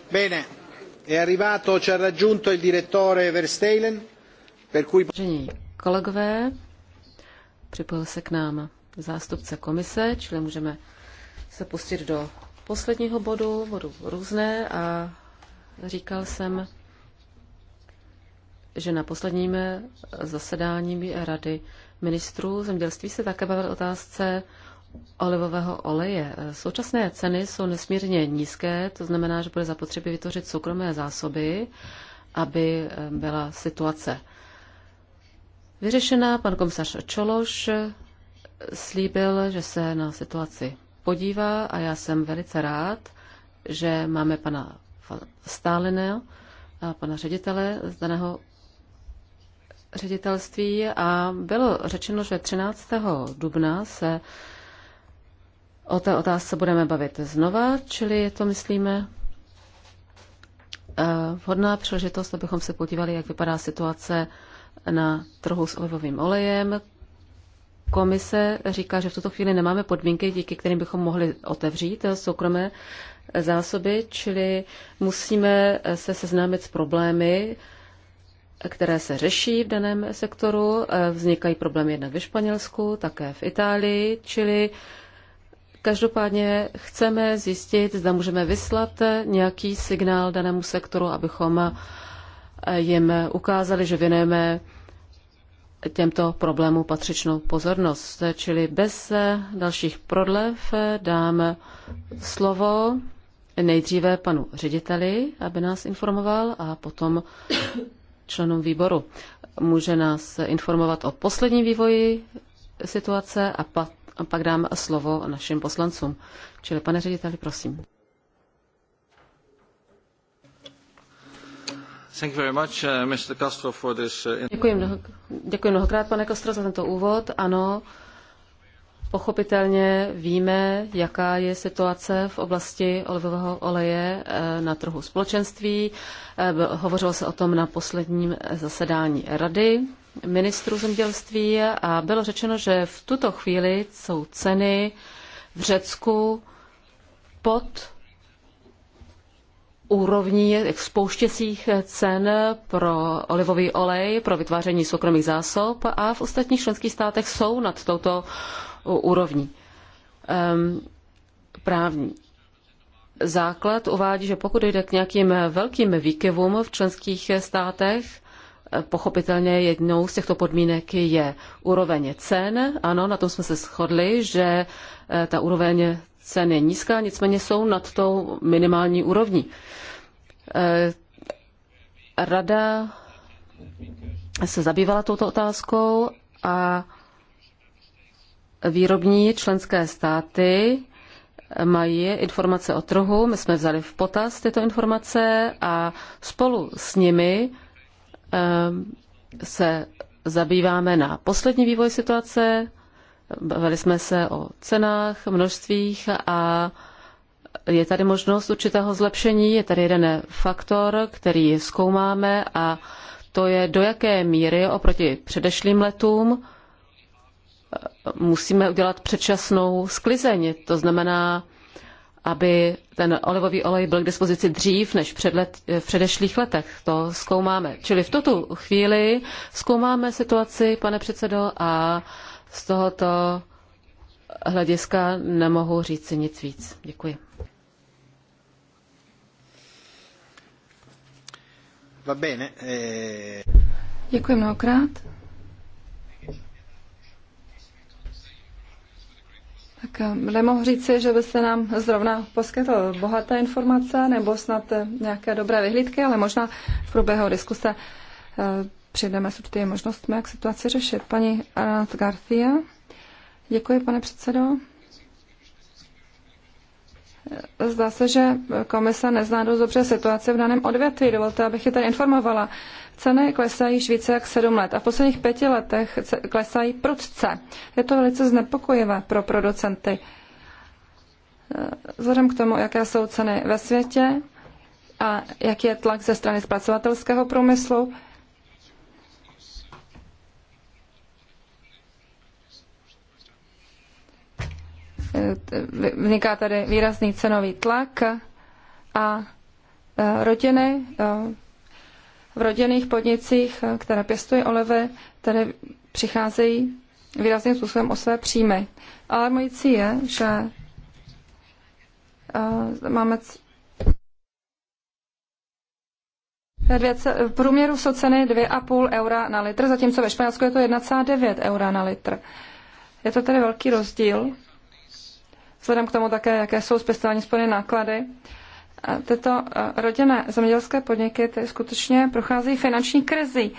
Bene. È arrivato, ci ha raggiunto il direttore Verstelen, per cui... Kolegové, připojil se k nám zástupce komise, čili můžeme se pustit do posledního bodu, bodu různé a říkal jsem, že na posledním zasedání Rady ministrů zemědělství se také bavil otázce olivového oleje. Současné ceny jsou nesmírně nízké, to znamená, že bude zapotřebí vytvořit soukromé zásoby, aby eh, byla situace vyřešená. Pan komisař Čološ eh, slíbil, že se na situaci podívá a já jsem velice rád, že máme pana a pana ředitele z daného ředitelství a bylo řečeno, že 13. dubna se O té otázce budeme bavit znova, čili je to, myslíme, eh, vhodná příležitost, abychom se podívali, jak vypadá situace na trhu s olivovým olejem. Komise říká, že v tuto chvíli nemáme podmínky, díky kterým bychom mohli otevřít soukromé zásoby, čili musíme se seznámit s problémy, které se řeší v daném sektoru. Eh, vznikají problémy jednak ve Španělsku, také v Itálii, čili Každopádně chceme zjistit, zda můžeme vyslat nějaký signál danému sektoru, abychom eh, jim ukázali, že věnujeme těmto problémům patřičnou pozornost. Čili bez eh, dalších prodlev eh, dám slovo nejdříve panu řediteli, aby nás informoval, a potom členům výboru. Může nás informovat o posledním vývoji situace a a pak dám slovo našim poslancům. Čili pane řediteli, prosím. Děkuji, mnoho, děkuji mnohokrát, pane Castro, za tento úvod. Ano, pochopitelně víme, jaká je situace v oblasti olivového oleje eh, na trhu společenství. Eh, hovořilo se o tom na posledním zasedání Rady ministrů zemědělství a bylo řečeno, že v tuto chvíli jsou ceny v Řecku pod úrovní spouštěcích cen pro olivový olej, pro vytváření soukromých zásob a v ostatních členských státech jsou nad touto úrovní. Um, právní základ uvádí, že pokud jde k nějakým velkým výkyvům v členských státech, Pochopitelně jednou z těchto podmínek je úroveň cen. Ano, na tom jsme se shodli, že eh, ta úroveň cen je nízká, nicméně jsou nad tou minimální úrovní. Eh, rada se zabývala touto otázkou a výrobní členské státy mají informace o trhu. My jsme vzali v potaz tyto informace a spolu s nimi Ehm, se zabýváme na poslední vývoj situace, bavili jsme se o cenách, množstvích a je tady možnost určitého zlepšení, je tady jeden faktor, který zkoumáme a to je do jaké míry oproti předešlým letům eh, musíme udělat předčasnou sklizeň. To znamená, aby ten olivový olej byl k dispozici dřív než před let, eh, v předešlých letech. To zkoumáme. Čili v tuto chvíli zkoumáme situaci, pane předsedo, a z tohoto hlediska nemohu říci nic víc. Děkuji. Eh. Děkuji mnohokrát. Tak nemohu eh, říci, že byste nám zrovna poskytl bohaté informace nebo snad eh, nějaké dobré vyhlídky, ale možná v průběhu diskuse eh, přijdeme s určitými možnostmi, jak situaci řešit. Paní Arnold Garcia. Děkuji, pane předsedo. Zdá se, že komise nezná dost dobře situaci v daném odvětví. Dovolte, abych je tady informovala. Ceny klesají již více jak sedm let a v posledních pěti letech klesají prudce. Je to velice znepokojivé pro producenty. Eh, vzhledem k tomu, jaké jsou ceny ve světě a jaký je tlak ze strany zpracovatelského průmyslu, Eh, vzniká tady výrazný cenový tlak a eh, rodiny eh, v rodinných podnicích, které pěstují olivy, tady přicházejí výrazným způsobem o své příjmy. cíl je, že máme Dvě, v průměru jsou ceny 2,5 eura na litr, zatímco ve Španělsku je to 1,9 eura na litr. Je to tedy velký rozdíl vzhledem k tomu také, jaké jsou s pěstováním spojené náklady. A tyto eh, rodinné zemědělské podniky ty skutečně procházejí finanční krizi.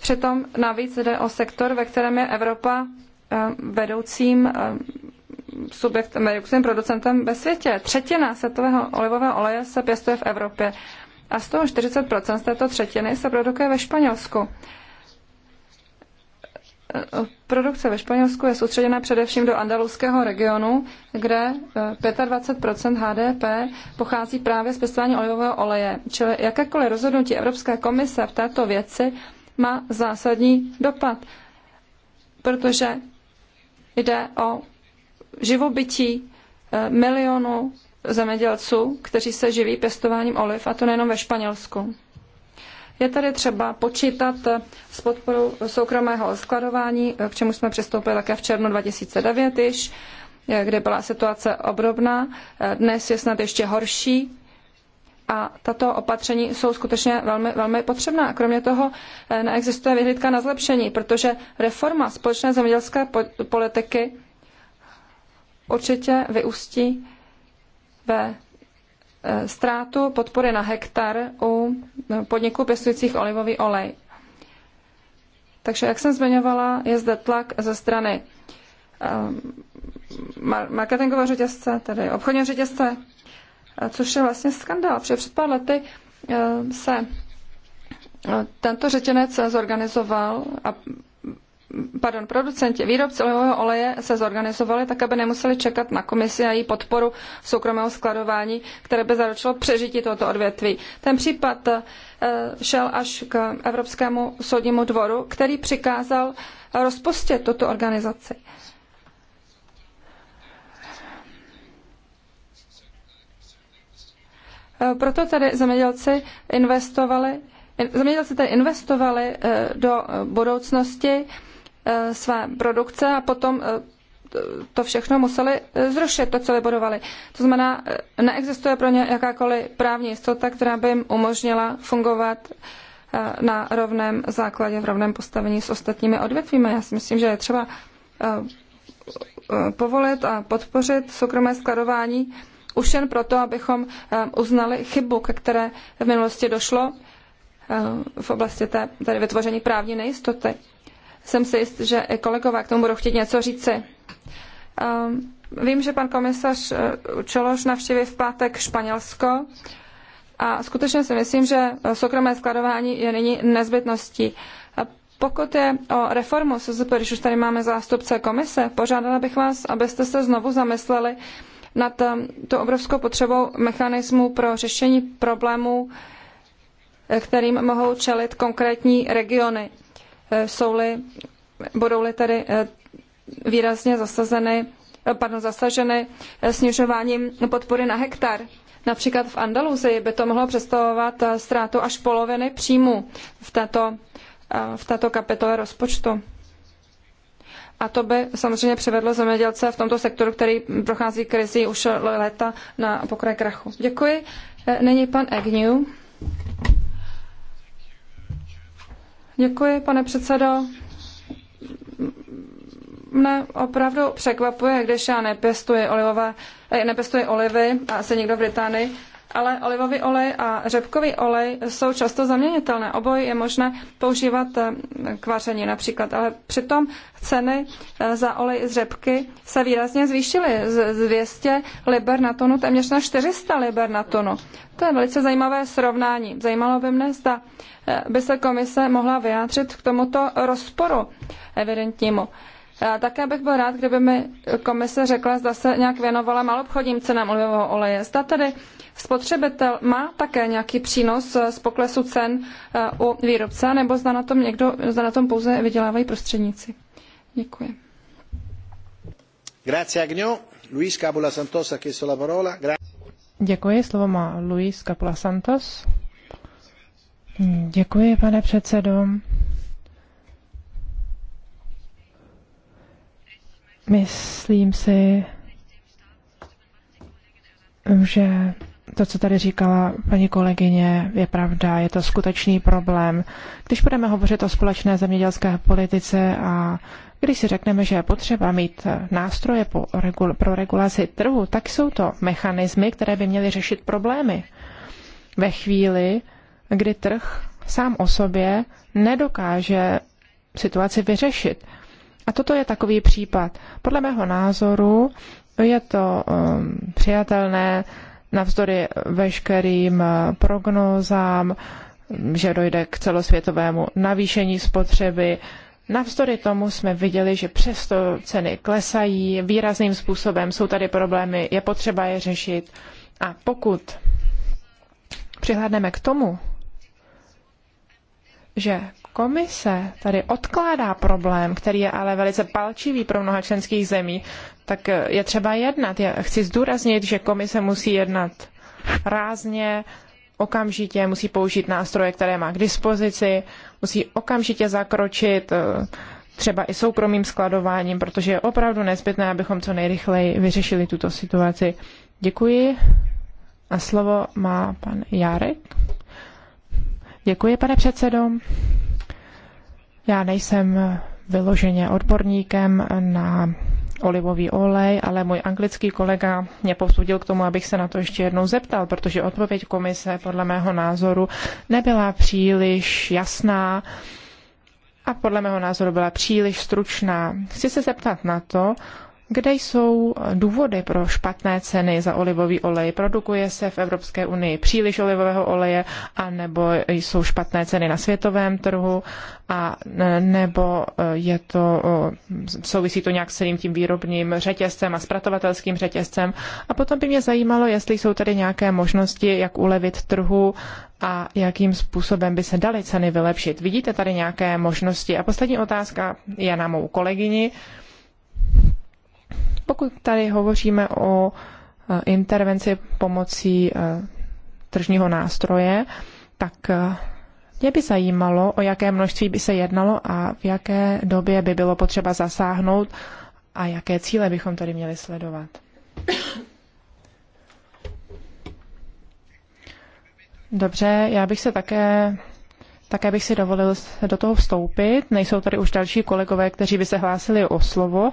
Přitom navíc jde o sektor, ve kterém je Evropa eh, vedoucím eh, subjektem, vedoucím producentem ve světě. Třetina světového olivového oleje se pěstuje v Evropě a z toho 40 z této třetiny se produkuje ve Španělsku. Produkce ve Španělsku je soustředěna především do andaluského regionu, kde eh, 25 HDP pochází právě z pěstování olivového oleje. Čili jakékoliv rozhodnutí Evropské komise v této věci má zásadní dopad, protože jde o živobytí eh, milionů zemědělců, kteří se živí pěstováním oliv, a to nejenom ve Španělsku. Je tady třeba počítat s podporou soukromého skladování, k čemu jsme přistoupili také v červnu 2009 již, kde byla situace obdobná. Dnes je snad ještě horší, a tato opatření jsou skutečně velmi, velmi potřebná. Kromě toho eh, neexistuje vyhlídka na zlepšení, protože reforma společné zemědělské politiky určitě vyústí ve ztrátu podpory na hektar u podniků pěstujících olivový olej. Takže, jak jsem zmiňovala, je zde tlak ze strany eh, marketingového řetězce, tedy obchodního řetězce, eh, což je vlastně skandál, protože před pár lety eh, se tento řetěnec zorganizoval a pardon, producenti, výrobci olivového oleje se zorganizovali tak, aby nemuseli čekat na komisi a její podporu soukromého skladování, které by zaručilo přežití tohoto odvětví. Ten případ eh, šel až k Evropskému soudnímu dvoru, který přikázal rozpustit tuto organizaci. Eh, proto tedy zemědělci investovali, zemědělci tedy investovali eh, do budoucnosti Eh, své produkce a potom eh, to všechno museli eh, zrušit, to, co vybudovali. To znamená, neexistuje pro ně jakákoliv právní jistota, která by jim umožnila fungovat na rovném základě, v rovném postavení s ostatními odvětvími. Já si myslím, že je třeba povolit a podpořit soukromé skladování už jen proto, abychom uznali chybu, ke které v minulosti došlo v oblasti té, tady vytvoření právní nejistoty jsem si jist, že i kolegové k tomu budou chtít něco říci. Ehm, vím, že pan komisař eh, Čološ navštíví v pátek Španělsko a skutečně si myslím, že soukromé skladování je nyní nezbytností. Pokud je o reformu SZP, když už tady máme zástupce komise, požádala bych vás, abyste se znovu zamysleli nad ehm, tu obrovskou potřebou mechanismu pro řešení problémů, eh, kterým mohou čelit konkrétní regiony jsou-li, budou-li tedy eh, výrazně zasazeny, eh, pardon, zasaženy eh, snižováním podpory na hektar. Například v Andaluzii by to mohlo představovat ztrátu až poloviny příjmu v této, v této kapitole rozpočtu. A to by samozřejmě přivedlo zemědělce v tomto sektoru, který prochází krizi už léta na pokraj krachu. Děkuji. Nyní pan Agnew. Děkuji, pane předsedo. Mne opravdu překvapuje, když já nepěstuji, olivové, eh, nepěstuji olivy, a asi nikdo v Británii, ale olivový olej a řepkový olej jsou často zaměnitelné. Oboje je možné používat eh, k vaření například, ale přitom ceny eh, za olej z řepky se výrazně zvýšily z 200 liber na tonu téměř na 400 liber na tonu. To je velice zajímavé srovnání. Zajímalo by mne, zda by se komise mohla vyjádřit k tomuto rozporu evidentnímu. Také bych byl rád, kdyby mi komise řekla, zda se nějak věnovala malobchodním cenám olivového oleje. Zda tedy spotřebitel má také nějaký přínos z poklesu cen eh, u výrobce, nebo zda na tom, někdo, zda na tom pouze vydělávají prostředníci. Děkuji. Grazie Luis la parola. Děkuji, slovo má Luis Capula Santos. Děkuji, pane předsedo. Myslím si, že to, co tady říkala paní kolegyně, je pravda, je to skutečný problém. Když budeme hovořit o společné zemědělské politice a když si řekneme, že je potřeba mít nástroje pro regulaci trhu, tak jsou to mechanismy, které by měly řešit problémy. Ve chvíli, kdy trh sám o sobě nedokáže situaci vyřešit. A toto je takový případ. Podle mého názoru je to um, přijatelné navzdory veškerým uh, prognózám, že dojde k celosvětovému navýšení spotřeby. Navzdory tomu jsme viděli, že přesto ceny klesají výrazným způsobem, jsou tady problémy, je potřeba je řešit. A pokud přihlédneme k tomu, že komise tady odkládá problém, který je ale velice palčivý pro mnoha členských zemí, tak je třeba jednat. Já chci zdůraznit, že komise musí jednat rázně, okamžitě, musí použít nástroje, které má k dispozici, musí okamžitě zakročit eh, třeba i soukromým skladováním, protože je opravdu nezbytné, abychom co nejrychleji vyřešili tuto situaci. Děkuji. A slovo má pan Járek. Děkuji, pane předsedo. Já nejsem vyloženě odborníkem na olivový olej, ale můj anglický kolega mě posoudil k tomu, abych se na to ještě jednou zeptal, protože odpověď komise podle mého názoru nebyla příliš jasná a podle mého názoru byla příliš stručná. Chci se zeptat na to, kde jsou důvody pro špatné ceny za olivový olej? Produkuje se v Evropské unii příliš olivového oleje, a nebo jsou špatné ceny na světovém trhu, a e, nebo e, je to, souvisí to nějak s celým tím výrobním řetězcem a zpratovatelským řetězcem. A potom by mě zajímalo, jestli jsou tady nějaké možnosti, jak ulevit trhu a jakým způsobem by se daly ceny vylepšit. Vidíte tady nějaké možnosti? A poslední otázka je na mou kolegyni. Pokud tady hovoříme o e, intervenci pomocí e, tržního nástroje, tak e, mě by zajímalo, o jaké množství by se jednalo a v jaké době by bylo potřeba zasáhnout a jaké cíle bychom tady měli sledovat. Dobře, já bych se také, také bych si dovolil do toho vstoupit. Nejsou tady už další kolegové, kteří by se hlásili o slovo.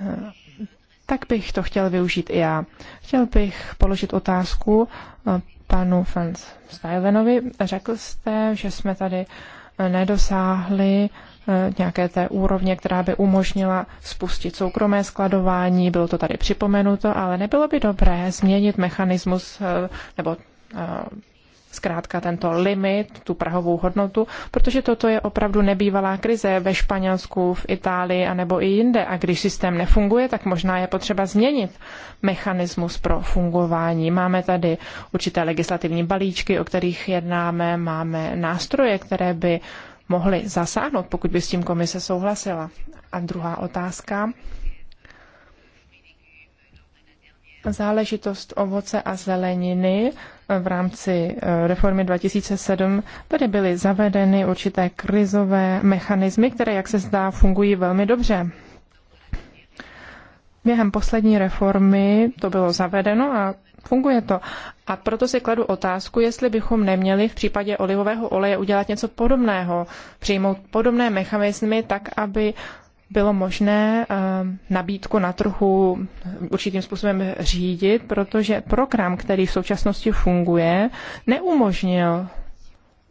Eh, tak bych to chtěl využít i já. Chtěl bych položit otázku eh, panu Franz Stylenovi. Řekl jste, že jsme tady eh, nedosáhli nějaké té úrovně, která by umožnila spustit soukromé skladování. Bylo to tady připomenuto, ale nebylo by dobré změnit mechanismus nebo zkrátka tento limit, tu prahovou hodnotu, protože toto je opravdu nebývalá krize ve Španělsku, v Itálii a nebo i jinde. A když systém nefunguje, tak možná je potřeba změnit mechanismus pro fungování. Máme tady určité legislativní balíčky, o kterých jednáme, máme nástroje, které by mohly zasáhnout, pokud by s tím komise souhlasila. A druhá otázka záležitost ovoce a zeleniny v rámci eh, reformy 2007 tady byly zavedeny určité krizové mechanismy, které, jak se zdá, fungují velmi dobře. Během poslední reformy to bylo zavedeno a funguje to. A proto si kladu otázku, jestli bychom neměli v případě olivového oleje udělat něco podobného, přijmout podobné mechanismy tak, aby bylo možné eh, nabídku na trhu eh, určitým způsobem řídit, protože program, který v současnosti funguje, neumožnil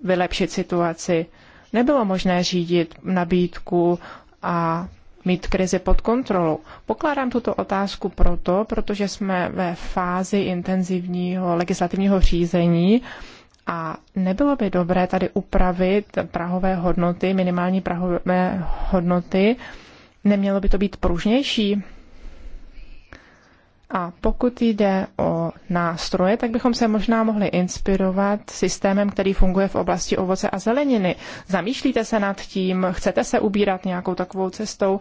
vylepšit situaci. Nebylo možné řídit nabídku a mít krizi pod kontrolou. Pokládám tuto otázku proto, protože jsme ve fázi intenzivního legislativního řízení a nebylo by dobré tady upravit prahové hodnoty, minimální prahové hodnoty? Nemělo by to být pružnější? A pokud jde o nástroje, tak bychom se možná mohli inspirovat systémem, který funguje v oblasti ovoce a zeleniny. Zamýšlíte se nad tím, chcete se ubírat nějakou takovou cestou?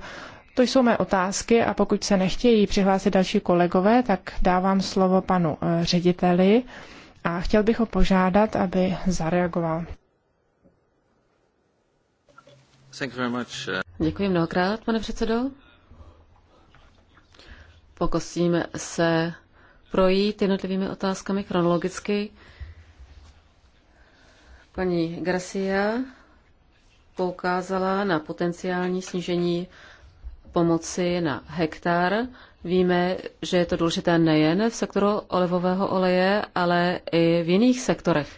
To jsou mé otázky a pokud se nechtějí přihlásit další kolegové, tak dávám slovo panu eh, řediteli a chtěl bych ho požádat, aby zareagoval. Uh, Děkuji mnohokrát, pane předsedo. Pokosíme se projít jednotlivými otázkami chronologicky. Paní Garcia poukázala na potenciální snížení pomoci na hektar Víme, že je to důležité nejen v sektoru olivového oleje, ale i v jiných sektorech.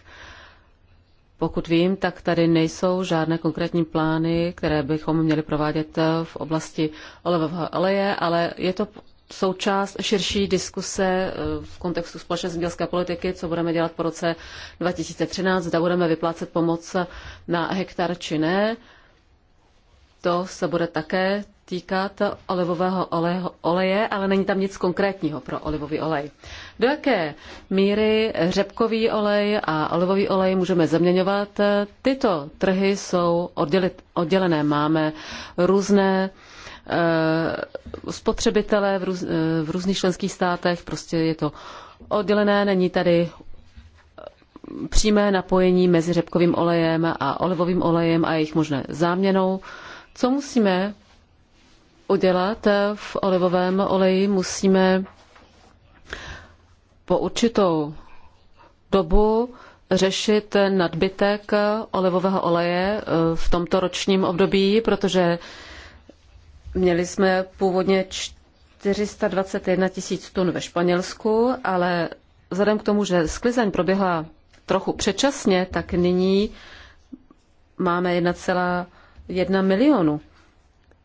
Pokud vím, tak tady nejsou žádné konkrétní plány, které bychom měli provádět v oblasti olivového oleje, ale je to součást širší diskuse eh, v kontextu společné zemědělské politiky, co budeme dělat po roce 2013, zda budeme vyplácet pomoc na hektar či ne. To se bude také týká to olivového oleje, ale není tam nic konkrétního pro olivový olej. Do jaké míry řepkový olej a olivový olej můžeme zaměňovat? Tyto trhy jsou oddělit, oddělené. Máme různé eh, spotřebitele v, růz, eh, v různých členských státech, prostě je to oddělené, není tady eh, přímé napojení mezi řepkovým olejem a olivovým olejem a jejich možné záměnou. Co musíme udělat v olivovém oleji, musíme po určitou dobu řešit nadbytek olivového oleje eh, v tomto ročním období, protože měli jsme původně 421 tisíc tun ve Španělsku, ale vzhledem k tomu, že sklizeň proběhla trochu předčasně, tak nyní máme 1,1 milionu.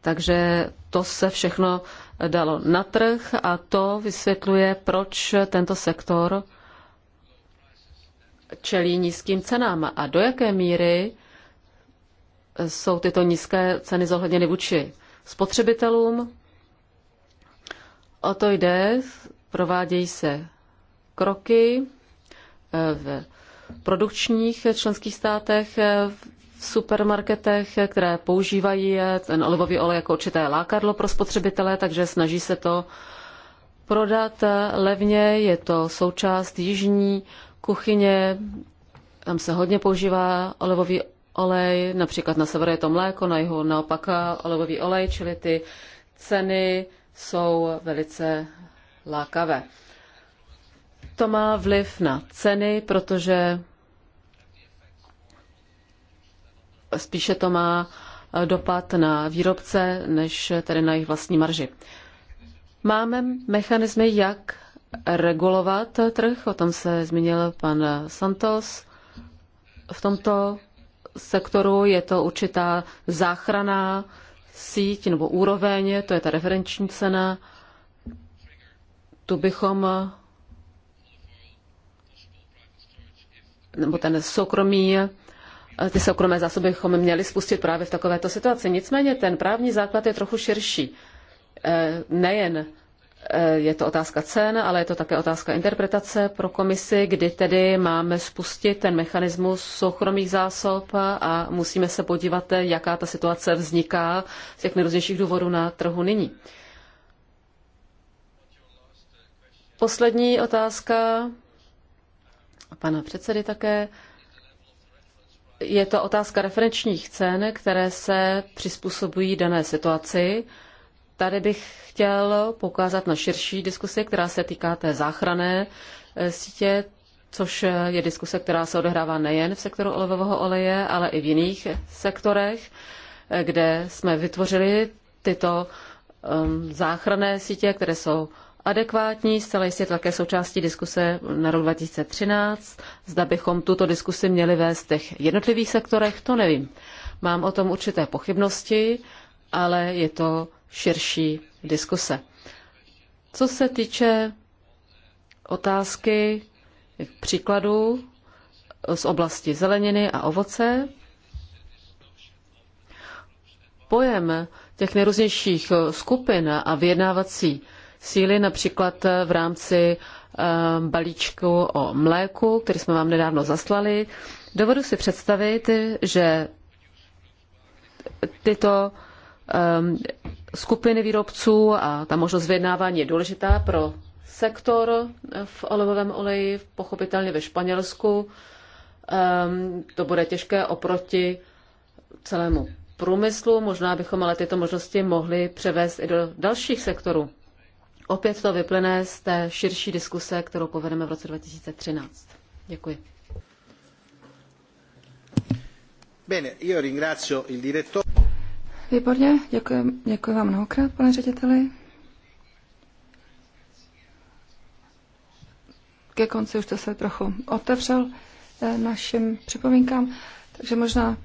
Takže to se všechno dalo na trh a to vysvětluje, proč tento sektor čelí nízkým cenám a do jaké míry jsou tyto nízké ceny zohledněny vůči spotřebitelům. O to jde, provádějí se kroky v produkčních členských státech v supermarketech, které používají ten olivový olej jako určité lákadlo pro spotřebitele, takže snaží se to prodat levně. Je to součást jižní kuchyně, tam se hodně používá olivový olej, například na severu je to mléko, na jihu naopak olivový olej, čili ty ceny jsou velice lákavé. To má vliv na ceny, protože spíše to má eh, dopad na výrobce, než tedy na jejich vlastní marži. Máme mechanismy, jak regulovat trh, o tom se zmínil pan Santos. V tomto sektoru je to určitá záchrana síť nebo úroveň, to je ta referenční cena. Tu bychom nebo ten soukromý ty soukromé zásoby bychom měli spustit právě v takovéto situaci. Nicméně ten právní základ je trochu širší. Eh, nejen eh, je to otázka cen, ale je to také otázka interpretace pro komisi, kdy tedy máme spustit ten mechanismus soukromých zásob a musíme se podívat, jaká ta situace vzniká z těch nejrůznějších důvodů na trhu nyní. Poslední otázka pana předsedy také je to otázka referenčních cen, které se přizpůsobují dané situaci. Tady bych chtěl poukázat na širší diskusi, která se týká té záchrané eh, sítě, což je diskuse, která se odehrává nejen v sektoru olivového oleje, ale i v jiných sektorech, eh, kde jsme vytvořili tyto ehm, záchranné sítě, které jsou adekvátní, zcela jistě také součástí diskuse na rok 2013. Zda bychom tuto diskusi měli vést v těch jednotlivých sektorech, to nevím. Mám o tom určité pochybnosti, ale je to širší diskuse. Co se týče otázky příkladů z oblasti zeleniny a ovoce, pojem těch nejrůznějších skupin a vyjednávací síly, například eh, v rámci eh, balíčku o mléku, který jsme vám nedávno zaslali. Dovedu si představit, že tyto ehm, skupiny výrobců a ta možnost vyjednávání je důležitá pro sektor eh, v olivovém oleji, pochopitelně ve Španělsku. Ehm, to bude těžké oproti celému průmyslu. Možná bychom ale tyto možnosti mohli převést i do dalších sektorů opět to vyplyne z té širší diskuse, kterou povedeme v roce 2013. Děkuji. Bene, io ringrazio il direttore. Výborně, děkuji, děkuji vám mnohokrát, pane řediteli. Ke konci už to se trochu otevřel eh, našim připomínkám, takže možná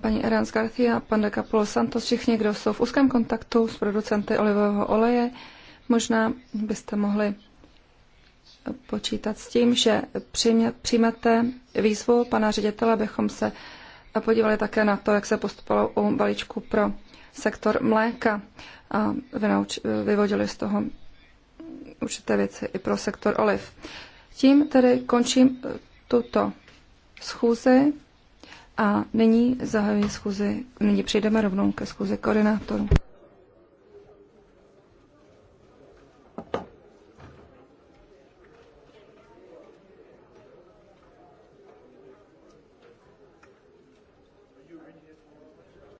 paní Erans Garcia, pan de Capolo Santos, všichni, kdo jsou v úzkém kontaktu s producenty olivového oleje, Možná byste mohli počítat s tím, že přijmete výzvu pana ředitele, abychom se podívali také na to, jak se postupovalo u balíčku pro sektor mléka a vyvodili z toho určité věci i pro sektor oliv. Tím tedy končím eh, tuto schůzi a nyní zahajuji schůzi, nyní přejdeme rovnou ke schůzi koordinátorů.